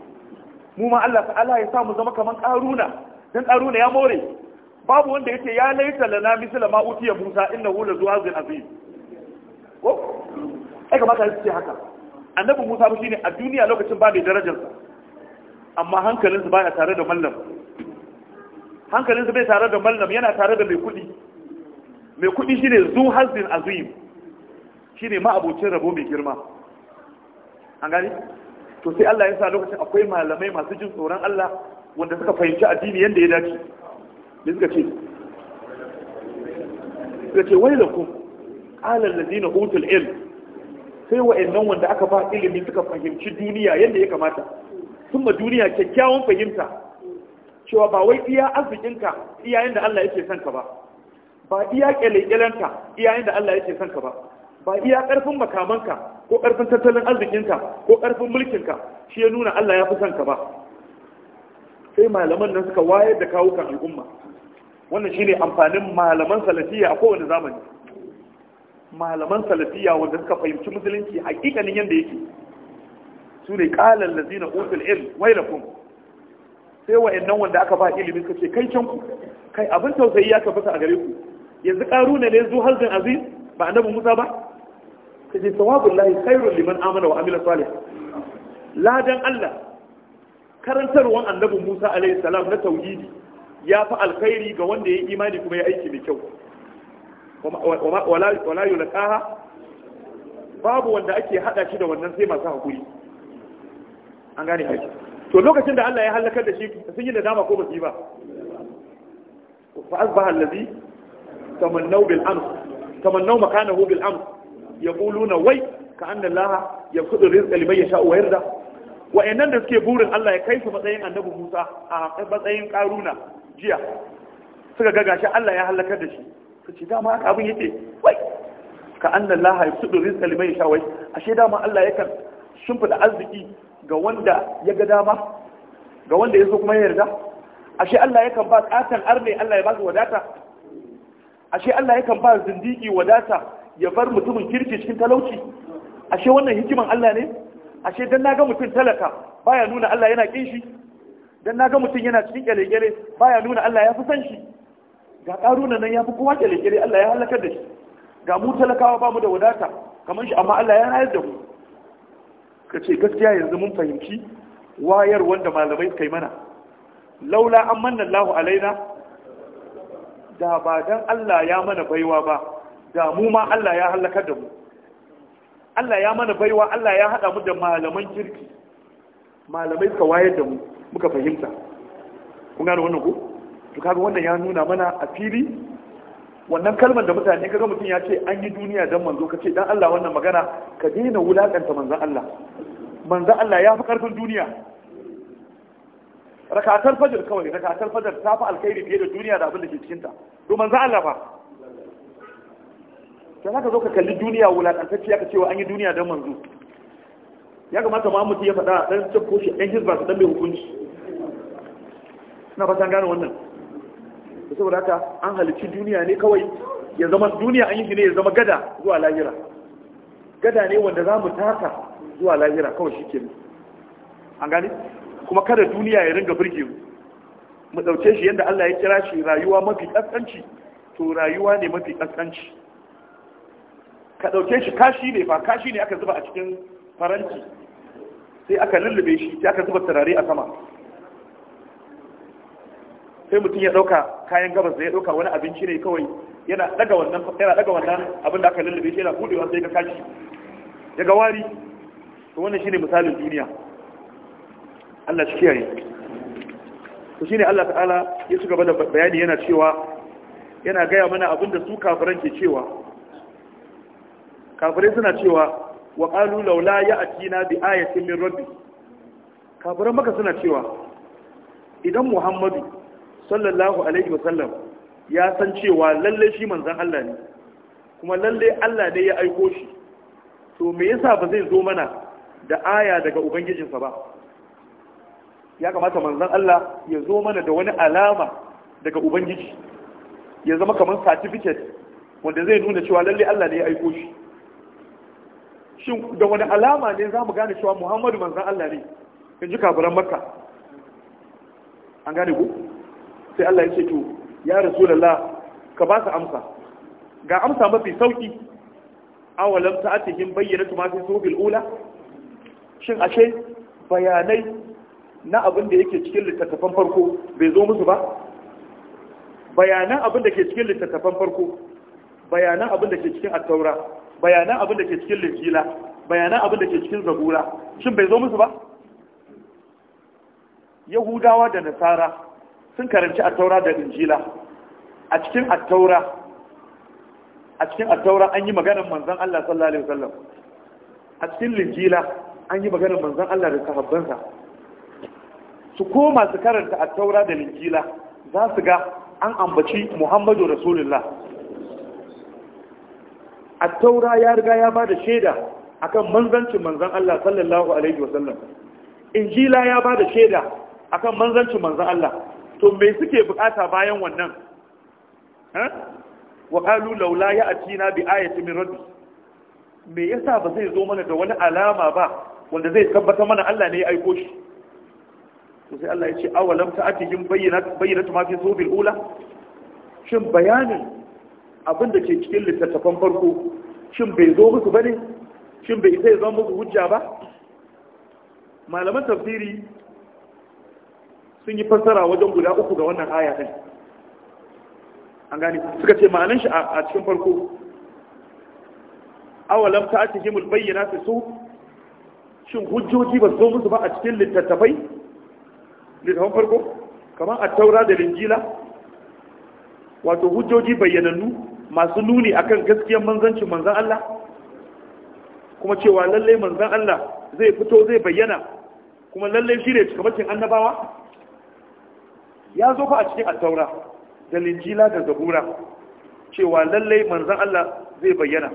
mu ma Allah ta'ala ya sa mu zama kaman ƙaruna dan ƙaruna ya more babu wanda yace ya laita lana misla ma utiya Musa hu la zuazin azim ko ai kamar ka ce haka annabi Musa ba shine a duniya lokacin ba da darajar sa amma hankalinsa baya tare da mallam hankalinsa bai tare da mallam yana tare da mai kudi mai kudi shine zu hazin azim shine ma abocin rabo mai girma an gani to sai Allah ya sa lokacin akwai malamai masu jin tsoron Allah wanda suka fahimci addini yadda ya dace da suka ce suka ce wai lakum alal ladina utul ilm sai wa'annan wanda aka ba ilimi suka fahimci duniya yadda ya kamata sun ma duniya kyakkyawan fahimta cewa ba wai iya arzikinka iya yadda Allah yake son ka ba ba iya kyalekyalenka iya yadda Allah yake son ka ba ba iya karfin makamanka ko ƙarfin tattalin arzikinka ko ƙarfin mulkinka shi ya nuna Allah ya fi son ka ba sai malaman nan suka wayar da kawukan al'umma wannan shine amfanin malaman salafiya a kowane zamani malaman salafiya wanda suka fahimci musulunci hakikanin yadda yake su ne ƙalar lazina utul da wailakum sai nan wanda aka ba ilimi suka ce kai can ku kai abin tausayi ya tabbata a gare ku yanzu ƙaru ne ne zu hazin aziz ba annabi musa ba ta ce sawabin lahi khairun liman amana wa amila salih ladan Allah karantarwan Annabi Musa alaihi salam na tauhidi ya fi alkhairi ga wanda ya yi imani kuma ya aiki mai kyau wala yulqaha babu wanda ake hada shi da wannan sai masu hakuri an gane aiki to lokacin da Allah ya halakar da shi sun yi da dama ko ba yi ba fa asbaha allazi tamannau bil amr tamannau makanahu bil amr yaquluna wai ka anna allaha yakudu rizqa liman yasha wa yarda wa'annan da suke burin Allah ya kai su matsayin annabi Musa a matsayin karuna jiya suka ga gashi Allah ya halakar da shi su ce dama haka abin yake wai ka anna allaha yakudu rizqa liman yasha wa ashe dama Allah yakan shimfida arziki ga wanda ya ga dama ga wanda ya zo kuma ya yarda ashe Allah yakan ba katan arne Allah ya ba su wadata ashe Allah yakan ba zindiki wadata ya bar mutumin kirki cikin talauci ashe wannan hikiman Allah ne ashe dan naga mutum talaka baya nuna Allah yana kin shi dan naga mutum yana cikin kyalekyale baya nuna Allah ya fi san shi ga karuna nan ya fi kowa kyalekyale Allah ya halakar da shi ga mu talakawa ba mu da wadata kamar shi amma Allah ya rayar da mu ka ce gaskiya yanzu mun fahimci wayar wanda malamai kai mana laula an manna Allahu alaina da ba dan Allah ya mana baiwa ba da mu ma Allah ya halakar da mu Allah ya mana baiwa Allah ya haɗa mu da malaman kirki malamai suka wayar da mu muka fahimta kun gane wannan ko to kaga wannan ya nuna mana a fili wannan kalmar da mutane kaga mutum ya ce an yi duniya dan manzo kace dan Allah wannan magana ka daina wulakanta manzon Allah manzon Allah ya fi karfin duniya rakatar fajr kawai rakatar fajr ta fi alkhairi fiye da duniya da abin da ke cikin ta to manzon Allah fa Sai za ka zo ka kalli duniya wulaƙantacce aka cewa an yi duniya don manzo ya kamata ma mutum ya faɗa ɗan cin koshi ɗan hizba su ɗan mai hukunci na fatan gane wannan da saboda haka an halicci duniya ne kawai ya zama duniya an yi shi ne ya zama gada zuwa lahira gada ne wanda za mu taka zuwa lahira kawai shi ke an gane kuma kada duniya ya ringa birge mu mu ɗauke shi yadda Allah ya kira shi rayuwa mafi ƙasƙanci to rayuwa ne mafi ƙasƙanci ka ɗauke shi kashi ne fa kashi ne aka zuba a cikin faranti sai aka lullube shi sai aka zuba turare a sama sai mutum ya ɗauka kayan gabas da ya ɗauka wani abinci ne kawai yana ɗaga wannan yana ɗaga wannan abin da aka lullube shi yana buɗewa sai ka kashi ya ga wari to wannan shine misalin duniya Allah shi kiyaye to shine Allah ta'ala ya ci gaba da bayani yana cewa yana gaya mana abin da su kafiran ke cewa kafirai suna cewa wa qalu laula ya'tina bi ayatin min rabbi kafirai maka suna cewa idan muhammadu sallallahu alaihi wasallam ya san cewa lalle shi manzan Allah ne kuma lalle Allah ne ya aiko shi to me yasa ba zai zo mana da aya daga ubangijinsa ba ya kamata manzan Allah ya zo mana da wani alama daga ubangiji ya zama kamar certificate wanda zai nuna cewa lalle Allah ne ya aiko shi shin da wani alama ne za mu gane cewa muhammadu manzan Allah ne in ji kafiran maka? an gane ku sai Allah ya ce to ya rasulullah ka ba su amsa ga amsa mafi sauki awalam ta'atihim bayyana ma mafi subil ula shin ashe bayanai na abin da yake cikin littattafan farko bai zo musu ba bayanan abin da ke cikin littattafan farko bayanan abin da ke cikin attaura bayanan abin da ke cikin linjila bayanan abin da ke cikin zabura shin bai zo musu ba yahudawa da nasara sun karanci attaura da linjila a cikin attaura a cikin attaura an yi maganar manzon Allah sallallahu alaihi wasallam a cikin linjila an yi maganar manzon Allah da sahabbansa su koma su karanta attaura da linjila za su ga an ambaci Muhammadu Rasulullah Attaura ya riga ya bada shaida akan manzancin manzan Allah sallallahu alaihi wasallam injila ya bada shaida akan manzancin manzan Allah to me suke bukata bayan wannan wa qalu laula ya'tina bi ayati min rabbi me yasa ba zai zo mana da wani alama ba wanda zai tabbata mana Allah ne ya aiko shi to sai Allah ya ce awalam ta'atihim bayyinat bayyana ma fi subil ula shin bayanin abin da ke cikin littattafan farko shin bai zo musu ne? shin bai zai zama musu hujja ba malaman tafsiri sun yi fassara wajen guda uku ga wannan aya din an gane suka ce ma'anin shi a cikin farko awalam ta ake gimul bayyana su su shin hujjoji ba zo musu ba a cikin littattafai littattafan farko kamar a taura da linjila wato hujjoji bayyanannu masu nuni akan gaskiyar manzancin manzan Allah kuma cewa lallai manzan Allah zai fito zai bayyana kuma lallai shi ne cikamakin annabawa ya zo fa a cikin altaura da linjila da zabura cewa lallai manzan Allah zai bayyana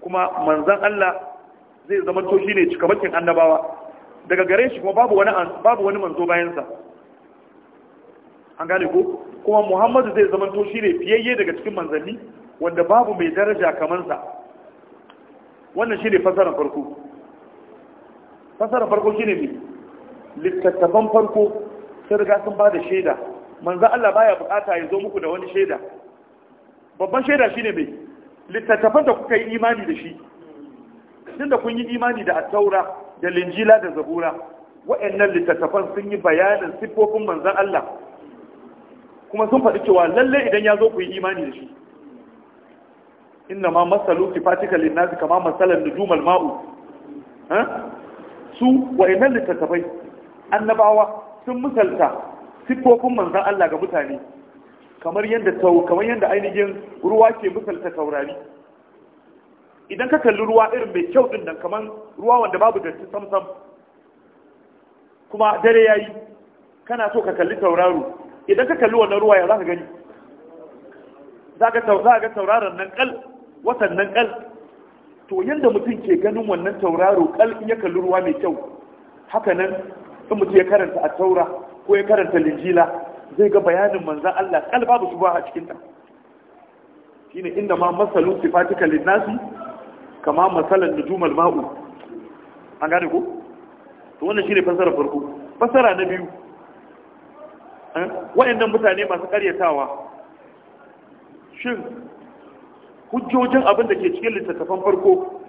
kuma manzan Allah zai zama to shi ne cikamakin annabawa daga gare shi kuma babu wani manzo bayansa an gane ko kuma muhammadu zai zama to ne fiyayye daga cikin manzanni wanda babu mai daraja kamar sa wannan ne fasarar farko fasarar farko shi ne littattafan farko sun riga sun ba da shaida manza Allah baya bukata ya zo muku da wani shaida babban shaida shi ne mai littattafan da kuka yi imani da shi da kun yi imani da Attaura da linjila da zabura wa'annan littattafan sun yi bayanin siffofin manzan Allah kuma sun faɗi cewa lalle idan ya zo ku yi imani da shi inna ma masalu sifatika linnasi kama masalan nujumal ma'u su wa innal littattafai annabawa sun misalta sifofin manzan Allah ga mutane kamar yadda tau kamar yanda ainihin ruwa ke misalta taurari idan ka kalli ruwa irin mai kyau din nan kamar ruwa wanda babu datti samsam kuma dare yayi kana so ka kalli tauraro idan ka kalli wannan ruwa ya za ka gani za ga tauraron nan kal watan nan kal to yadda mutum ke ganin wannan tauraro kal ya kalli ruwa mai kyau haka nan in mutum ya karanta a taura ko ya karanta linjila zai ga bayanin manzan Allah kal babu ba a cikinta shine inda ma masalu sifatika linnasi kama masalan nujumal ma'u an gane ko to wannan shine fasara farko fasara na biyu Eh? wayannan mutane masu karyatawa shin hujjojin abin da ke cikin littattafan farko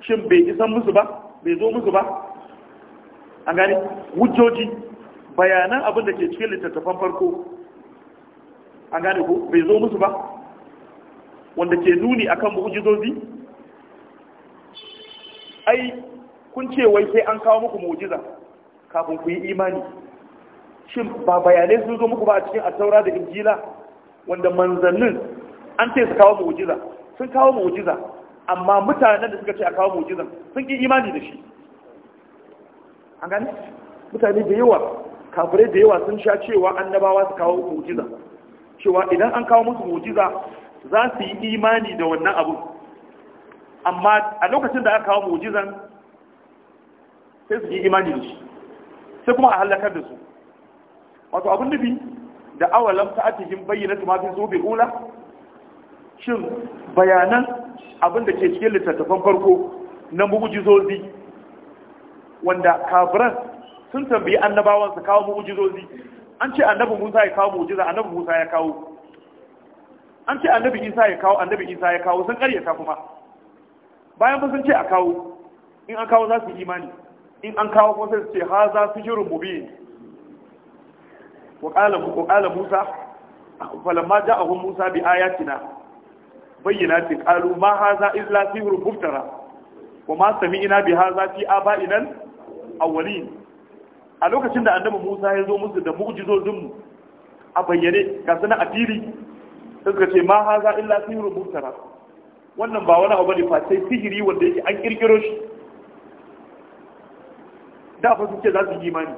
shin bai isan musu ba bai zo musu ba an gani hujjoji bayanan abin da ke cikin littattafan farko an gane ku. bai zo musu ba wanda ke nuni akan mu'jizozi ai kun ce wai sai an kawo muku mu'jiza kafin ku yi imani shin ba bayanai sun zo muku ba a cikin asaura da injila wanda manzannin an ce su kawo mu'jiza sun kawo mu'jiza amma mutanen da suka ce a kawo mu'jizan sun ki imani da shi an gane mutane da yawa kafirai da yawa sun sha cewa annabawa su kawo mu'jiza cewa idan an kawo musu mu'jiza za su yi imani da wannan abu amma a lokacin da aka kawo mu'jizan sai su yi imani da shi sai kuma a halakar da su wato abin nufi da lamta a cikin bayyana ma mafi zobe ula shin bayanan abin da ke cikin littattafan farko na mu'jizozi wanda kafiran sun tambayi annabawan su kawo mu'jizozi an ce annabi Musa ya kawo mu'jiza annabi Musa ya kawo an ce annabi Isa ya kawo annabi Isa ya kawo sun karyata kuma bayan ba sun ce a kawo in an kawo za su imani in an kawo kuma sai su ce ha za su shirin mubi wa qala musa falamma ja'ahum musa bi ayatina bayyinatin qalu ma hadha illa sihrun muftara wa ma sami'na bi hadha fi aba'ina awwalin a lokacin da annabi musa ya zo musu da mu'jizozin mu a bayyane ga sana a fili suka ce ma haza illa sihirin muftara wannan ba wani abu ne fa sai sihiri wanda yake an kirkiro shi da fa suke za su yi imani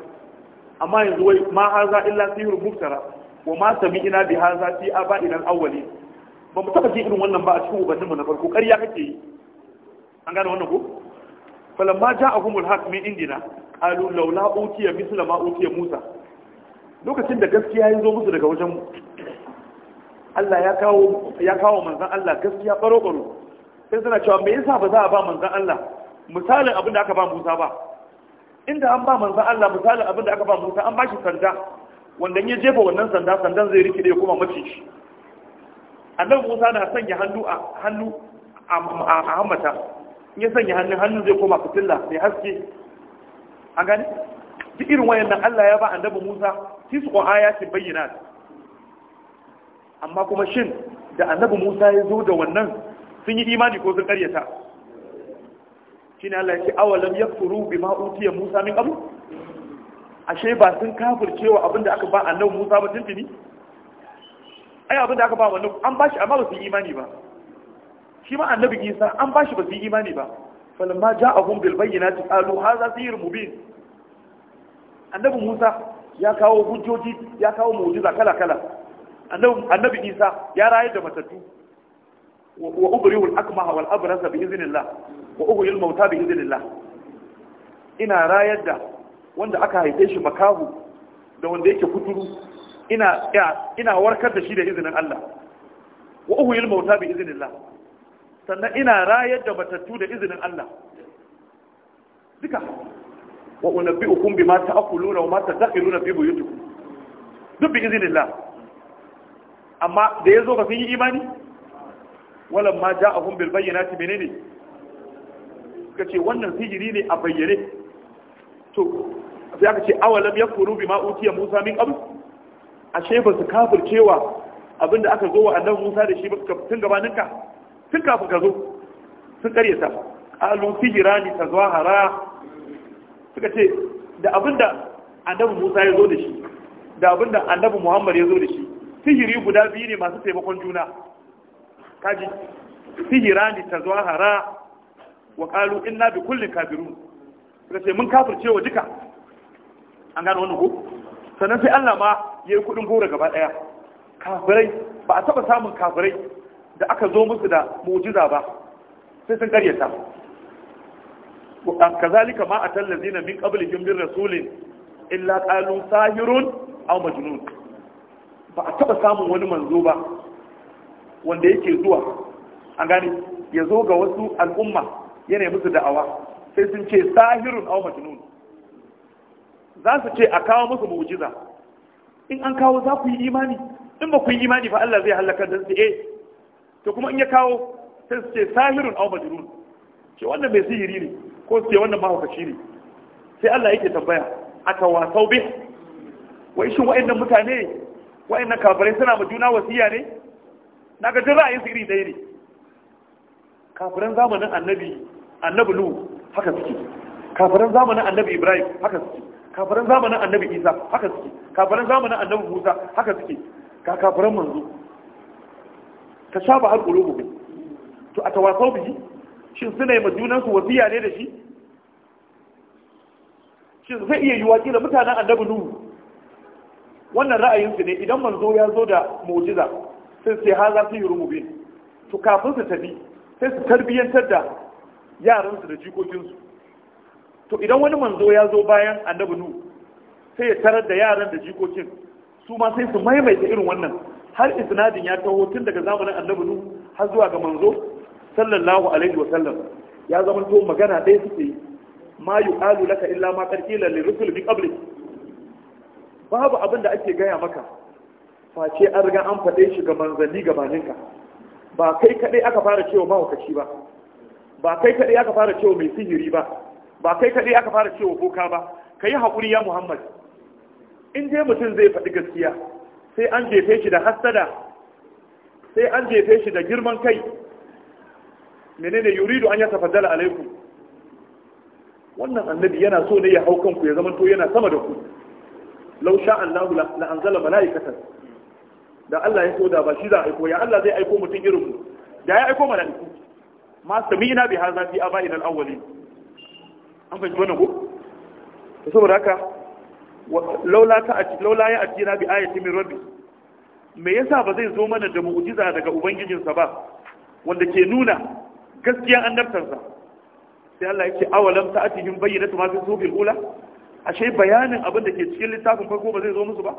amma yanzu wai ma haza illa sihir muftara wa ma sami'ina bi haza fi aba'ina al-awwali ba mu taba irin wannan ba a cikin ubannin mu na farko ƙarya kake yi an gane wannan ko falamma ja'ahumul haq min indina qalu la utiya mithla ma utiya musa lokacin da gaskiya ya zo musu daga wajen mu Allah ya kawo ya kawo manzon Allah gaskiya baro baro sai suna cewa me yasa ba za a ba manzon Allah misalin abin da aka ba Musa ba inda an ba manzan Allah misalin abin da aka ba Musa an ba shi sanda wanda ya jefa wannan sanda sandan zai rikide ya kuma mace shi annabi Musa na sanya hannu a hannu a hammata in ya sanya hannun hannu zai koma fitilla mai haske A gani duk irin nan Allah ya ba annabi Musa shi su tisu bayyana bayyinat amma kuma shin da annabi Musa ya zo da wannan sun yi imani ko sun karyata shine Allah ya ce awalam yakfuru bima utiya Musa min qabl ashe ba sun kafircewa abinda aka ba annabi Musa ba tuntuni ai abinda aka ba wannan an bashi amma ba su yi imani ba shi ma annabi Isa an bashi ba su yi imani ba falamma ja'ahum bil bayyinati qalu hadha sihr mubin annabi Musa ya kawo hujjoji ya kawo mu'jiza kala kala annabi Isa ya rayar da matattu wa ubrihu al-akmaha wal abrasa bi iznillah wa uhyi al-mauta bi iznillah ina rayar da wanda aka haife shi makahu da wanda yake kuturu ina ina warkar da shi da izinin Allah wa uhyi al-mauta bi iznillah sannan ina rayar da matattu da izinin Allah duka wa unabbi'ukum bima ta'kuluna wa ma tadkhuluna fi buyutikum duk bi iznillah amma da yazo ba sun yi imani walan ma ja'ahum bil bayyinati menene suka ce wannan sihiri ne a bayyane to sai aka ce awalam yakfuru bima utiya Musa min qabl ashe ba su kafircewa abinda aka zo wa annabi Musa da shi ba tun gabanin ka tun kafin ka zo sun karyata ta zuwa hara? suka ce da abinda annabi Musa ya zo da shi da abinda annabi Muhammad ya zo da shi sihiri guda biyu ne masu taimakon juna kaji zuwa ne wa zuwa inna bi kullin kafirun da sai mun kafirce wa duka an gano wannan ko sannan sai Allah ma yayi kudin gora gaba daya kafirai ba a taba samun kafirai da aka zo musu da mu'jiza ba sai sun karyata kazalika ma atal ladina min qablihim bir rasulin illa qalu sahirun aw majnun ba a taba samun wani manzo ba wanda yake zuwa an gane ya zo ga wasu al'umma yana musu da'awa sai sun ce sahirun aw majnun za su ce a kawo musu mu'jiza in an kawo za ku yi imani in ba ku yi imani fa Allah zai halaka dan su eh to kuma in ya kawo sai su ce sahirun aw majnun ce wannan mai sihiri ne ko su ce wannan mahaukaci ne sai Allah yake tambaya a wasau bih wai shin wa'annan mutane wa'annan kafirai suna ma juna wasiya ne na ga jin ra'ayin sirri ɗaya ne kafiran zamanin annabi annabi lu haka suke kafiran zamanin annabi ibrahim haka suke kafiran zamanin annabi isa haka suke kafiran zamanin annabi musa haka suke ka kafiran manzo ta ba har ƙulubu to a tawasau biki shi suna yi ma junansu wasiya ne da shi shin zai iya waƙi da mutanen annabi nuhu wannan ra'ayinsu ne idan manzo ya zo da mu'jiza sai su yi haza su yi rumubin to kafin su tafi sai su tarbiyyantar da yaransu da jikokinsu to idan wani manzo ya zo bayan annabi nu sai ya tarar da yaran da jikokin su ma sai su maimaita irin wannan har isnadin ya taho tun daga zamanin annabi nu har zuwa ga manzo sallallahu alaihi wa sallam ya zama to magana ɗaya suke mayu, ma yuqalu laka illa ma qad qila lirrusul bi qablik babu abin da ake gaya maka face an riga an faɗe shi ga manzanni gabaninka ba kai kaɗai aka fara cewa mahaukaci ba ba kai kaɗai aka fara cewa mai sihiri ba ba kai kaɗai aka fara cewa boka ba ka yi haƙuri ya muhammad in dai mutum zai faɗi gaskiya sai an jefe shi da hassada sai an jefe shi da girman kai menene yuridu an ya Fadala alaikum wannan annabi yana so ne ya hau kanku ya zamanto yana sama da ku law sha Allahu la anzala malaikatan da Allah ya so da ba shi za a aiko ya Allah zai aiko mutum irin mu da ya aiko mana mala'iku ma ina bi haza fi aba'ina al-awwalin an fahimci wannan ko to saboda haka laula ta laula ya atina bi ayati min rabbi me yasa ba zai zo mana da mu'jiza daga ubangijinsa ba wanda ke nuna gaskiya sa sai Allah yake awalam ta'atihim bayyinatu ma fi subil ula ashe bayanin abin da ke cikin littafin farko ba zai zo musu ba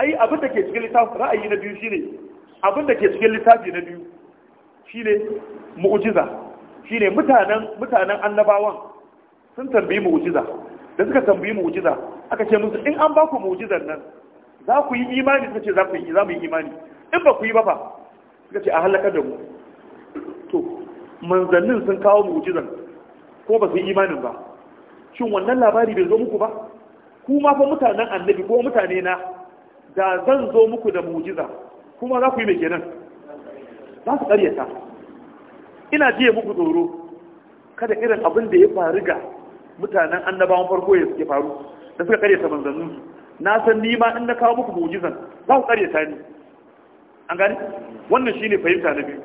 ai abin da ke cikin littafi ra'ayi na biyu shine abin da ke cikin littafi na biyu shine mu'jiza shine mutanen mutanen annabawan sun tambayi mu'jiza da suka tambayi mu'jiza aka ce musu in an ba ku mu'jizar nan za ku yi imani suka ce za ku yi za mu yi imani in ba ku yi ba fa suka ce a halakar da mu to manzannin sun kawo mu'jizan ko ba su yi imanin ba shin wannan labari bai zo muku ba ku ma fa mutanen annabi ko mutane na da zan zo muku da mujiza kuma za ku yi mai kenan za su karyata ina jiye muku tsoro kada irin abin da ya faru ga mutanen annabawan farko ya faru da suka karyata manzannin su na san ni ma in na kawo muku mujizan za ku karyata ni an gani wannan shine fahimta na biyu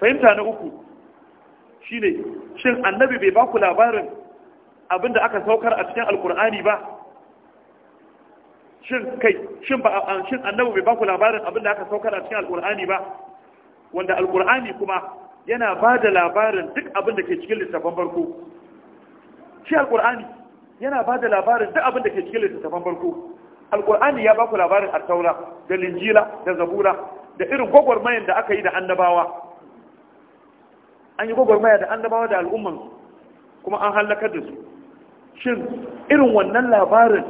fahimta na uku shine shin annabi bai ba ku labarin abin da aka saukar a cikin alkur'ani ba shin kai shin ba shin annabi bai baku labarin abin da aka saukar a cikin alqur'ani ba wanda alqur'ani kuma yana ba da labarin duk abin da ke cikin littafin farko shi alqur'ani yana ba da labarin duk abin da ke cikin littafin farko alqur'ani ya baku labarin at da linjila da zabura da irin gwagwarmayar da aka yi da annabawa an yi gwagwarmaya da annabawa da al'umman kuma an halakar da su shin irin wannan labarin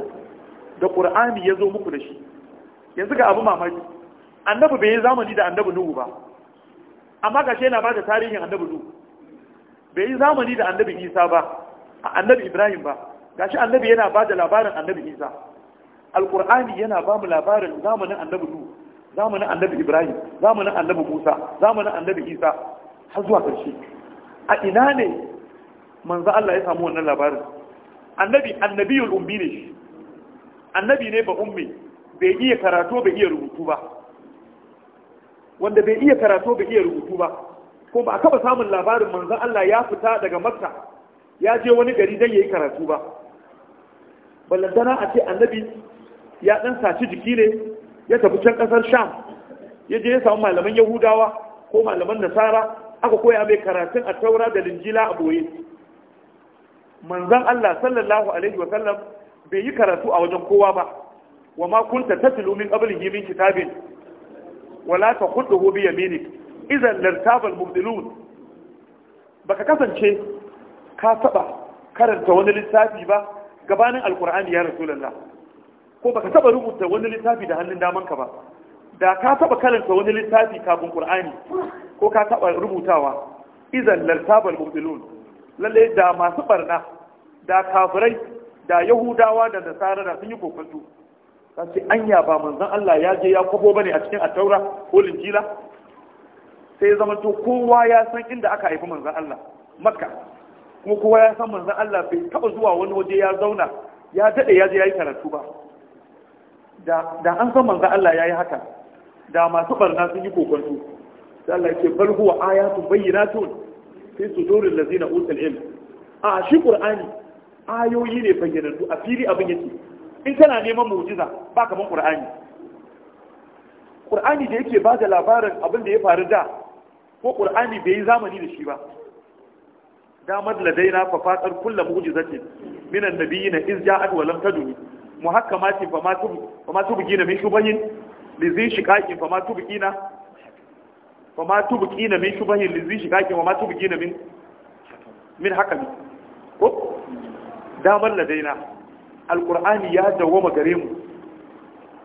da ƙur'ani ya zo muku da shi yanzu ga abu mamaki annabi bai yi zamani da annabi nuhu ba amma gashi yana ba da tarihin annabi nuhu bai yi zamani da annabi isa ba a annabi ibrahim ba gashi annabi yana ba da labarin annabi isa Alƙur'ani yana ba mu labarin zamanin annabi nuhu zamanin annabi ibrahim zamanin annabi musa zamanin annabi isa har zuwa ƙarshe a ina ne manzo Allah ya samu wannan labarin annabi annabiyul ummi ne shi annabi ne ba ummi bai iya karatu bai iya rubutu ba wanda bai iya karatu bai iya rubutu ba ko ba a ba samun labarin manzon Allah ya fita daga makka ya je wani gari dan yayi karatu ba ballantana a ce annabi ya dan saci jiki ne ya tafi can kasar sham ya je ya samu malaman yahudawa ko malaman nasara aka koya mai karatun a taura da linjila a boye manzon Allah sallallahu alaihi wasallam bai yi karatu a wajen kowa ba wa ma kunta tatlu min qablihi min kitabin wala taqutuhu bi yaminik idan lartabal mubdilun baka kasance ka taba karanta wani littafi ba gabanin alkur'ani ya rasulullah ko baka taba rubuta wani littafi da hannun damanka ba da ka taba karanta wani littafi kafin qur'ani ko ka taba rubutawa idan lartabal mubdilun lalle da masu barna da kafirai da yahudawa da nasara da sun yi kokonto ta ce anya ba manzon Allah ya je ya kwabo bane a cikin Al-Taura ko linjila sai zama to kowa ya san inda aka haifi manzon Allah makka kuma kowa ya san manzon Allah bai taba zuwa wani waje ya zauna ya dade ya je ya yi karatu ba da da an san manzon Allah ya yi haka da masu barna sun yi kokonto sai Allah ya ce bal huwa ayatun bayyinatun fi sudurin lazina utul ilm a shi qur'ani ayoyi ne bayyanannu a fili abin yake in kana neman mu'jiza ba kaman qur'ani qur'ani da yake ba da labarin abin da ya faru da ko qur'ani bai yi zamani da shi ba damar na fa fatar kullu mu'jizatin min annabiyina iz ja'at wa lam taduni muhakkamati fa ma tubu fa ma gina min shubahin li zai shikaki fa ma gina fa ma gina min shubahin li zai shikaki wa ma gina min min hakami ko damar ladaina alkur'ani ya dawoma gare mu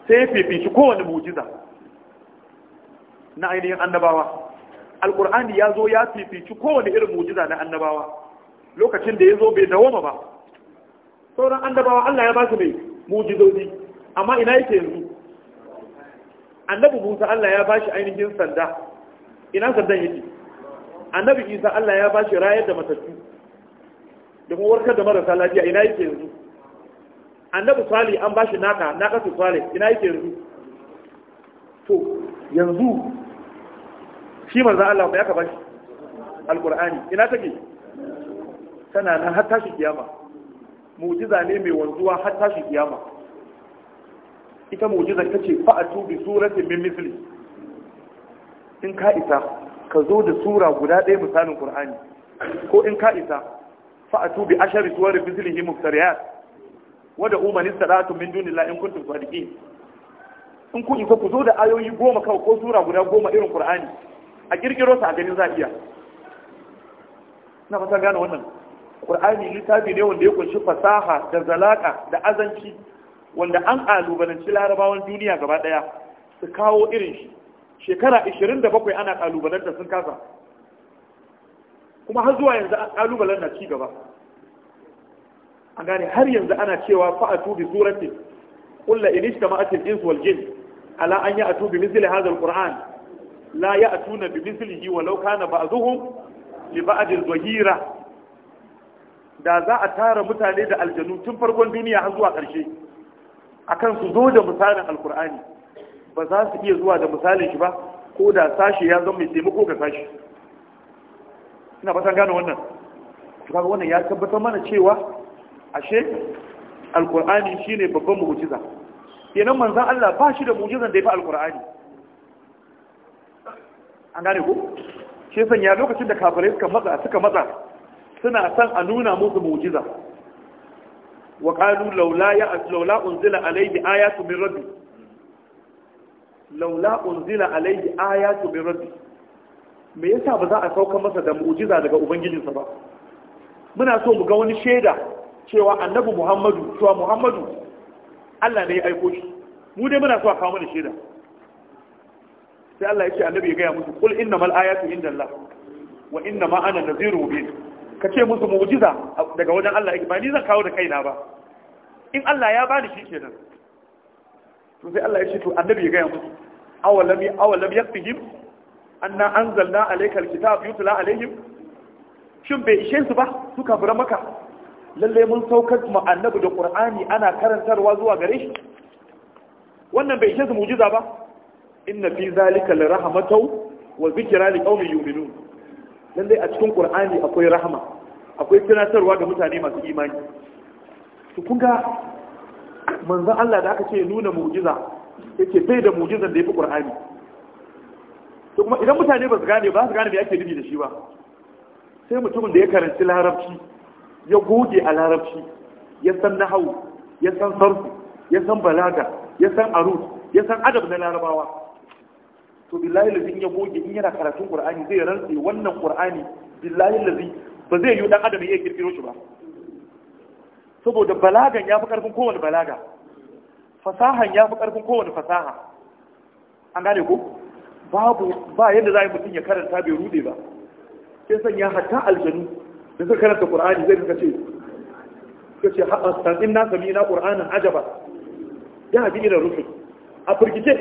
sai ya fifici kowane mujiza na ainihin annabawa alkur'ani ya zo ya fifici kowane irin mujiza na annabawa lokacin da ya zo bai dawoma ba sauran annabawa Allah ya ba su mai mujizozi amma ina yake yanzu annabi Musa Allah ya ba shi ainihin sanda ina sandan yake annabi Isa Allah ya ba shi rayar da matattu da kuma warkar da marasa lafiya ina yake yanzu annabi sali an bashi naka naka su sali ina yake yanzu to yanzu shi manzo Allah ba ya ka bashi alqur'ani ina take tana nan har tashi kiyama mu'jiza ne mai wanzuwa har tashi kiyama ita mu'jizar tace a bi suratin min misli in ka isa ka zo da sura guda ɗaya misalin qur'ani ko in ka isa fa'atu bi ashari suwar mislihi muftariyat wada umani sadatu min dunillahi in kuntum sadiqin in kun ku zo da ayoyi goma kawai ko sura guda goma irin qur'ani a kirkiro sa a ganin za iya na fata gane wannan qur'ani littafi ne wanda ya kunshi fasaha da zalaka da azanci wanda an kalubalanci larabawan duniya gaba daya su kawo irin shi shekara 27 ana kalubalanta sun kasa kuma har zuwa yanzu kalubalen na ci gaba a gane har yanzu ana cewa fa a tubi surati kulla in ijtama'at al-ins wal jin ala an yi a tubi hadha hazar quran la tuna bi mithlihi walau kana ba'dhuhum li ba'd zuhira. da za a tara mutane da aljanu tun farkon duniya har zuwa ƙarshe akan su zo da misalin alkur'ani ba za su iya zuwa da misalin shi ba ko da sashi ya zama mai taimako ga sashi ina fatan gane wannan to kaga wannan ya tabbatar mana cewa ashe alqur'ani shine babban mu'jiza kenan manzon Allah ba shi da mu'jizan da ya fi alqur'ani an gane ku shi sanya lokacin da kafirai suka matsa suka matsa suna son a nuna musu mu'jiza wa qalu laula ya laula unzila alayhi ayatu min rabbi laula unzila alayhi ayatu min rabbi me yasa ba za a sauka masa da mu'jiza daga ubangijinsa ba muna so mu ga wani shaida cewa annabi muhammadu cewa muhammadu allah ne ya aiko shi mu dai muna so a kawo mana shaida sai allah ya ce annabi ya gaya musu kul inna mal ayatu inda allah wa inna ma ana naziru bi ka ce musu mu'jiza daga wajen allah ba ni zan kawo da kaina ba in allah ya bani shi kenan to sai allah ya ce to annabi ya gaya musu awalam awalam yaqtihim anna anzalna alayka alkitab yutla alaihim shin bai ishe su ba su kafira maka Lallai mun saukar ma annabi da ƙur'ani ana karantarwa zuwa gare shi wannan bai ishe su mu'jiza ba inna fi zalika lirahmatan wa zikra liqaumin yu'minun lalle a cikin ƙur'ani akwai rahama akwai tunatarwa ga mutane masu imani to kun ga manzon Allah da aka ce nuna mu'jiza yake bai da mu'jizan da ya fi ƙur'ani. to kuma idan mutane ba su gane ba su gane me ake nufi da shi ba sai mutumin da ya karanci larabci ya goge a larabci ya san nahawu ya san sarfu ya san balaga ya san arut ya san adab na larabawa to billahi in ya goge in yana karatun qur'ani zai rantsi wannan qur'ani billahi lazi ba zai yi dan adam ya kirkiro shi ba saboda balagan ya fi karfin kowane balaga fasahan ya fi karfin kowane fasaha an gane ko babu ba yadda za a yi mutum ya karanta bai rude ba sai sanya hatta aljanu da suka karanta qur'ani zai kace ce suka ce haɓa in na sami na ƙur'anin ajaba ya bi ina rufin a firgice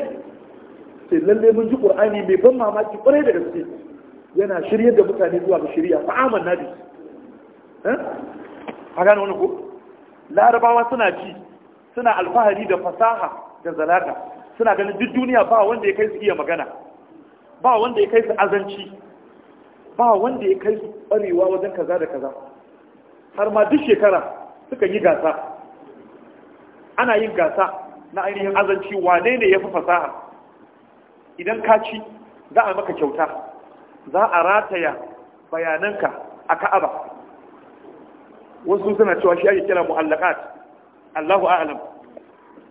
sai lalle mun ji qur'ani mai ban mamaki kwarai da gaske yana shiryar da mutane zuwa ga shirya aman nabi eh? a gane wani ko larabawa suna ji suna alfahari da fasaha da zalaka suna ganin duk duniya ba wanda ya kai su iya magana ba wanda ya kai su azanci ba wanda ya kai su ɓarewa wajen kaza da kaza har ma duk shekara suka yi gasa ana yin gasa na ainihin azanci wane ne ya fi fasaha idan ka ci za a maka kyauta za a rataya bayananka a ka'aba wasu suna cewa shi ake kira mu'allakat Allahu a'lam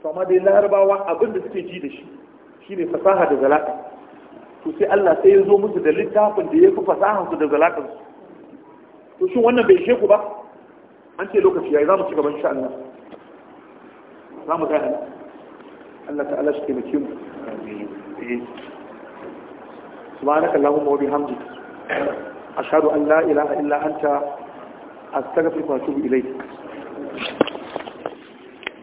to amma dai larabawa abin da suke ji da shi shi ne fasaha da zalaka to sai Allah sai ya zo musu da littafin da ya fi fasahar su da zalakan su to shin wannan bai ku ba an ce lokaci yayi za mu ci gaban insha Allah za mu tsaya Allah ta'ala shi taimake mu سبحانك اللهم وبحمدك أشهد أن لا illa إلا أنت أستغفرك وأتوب إليك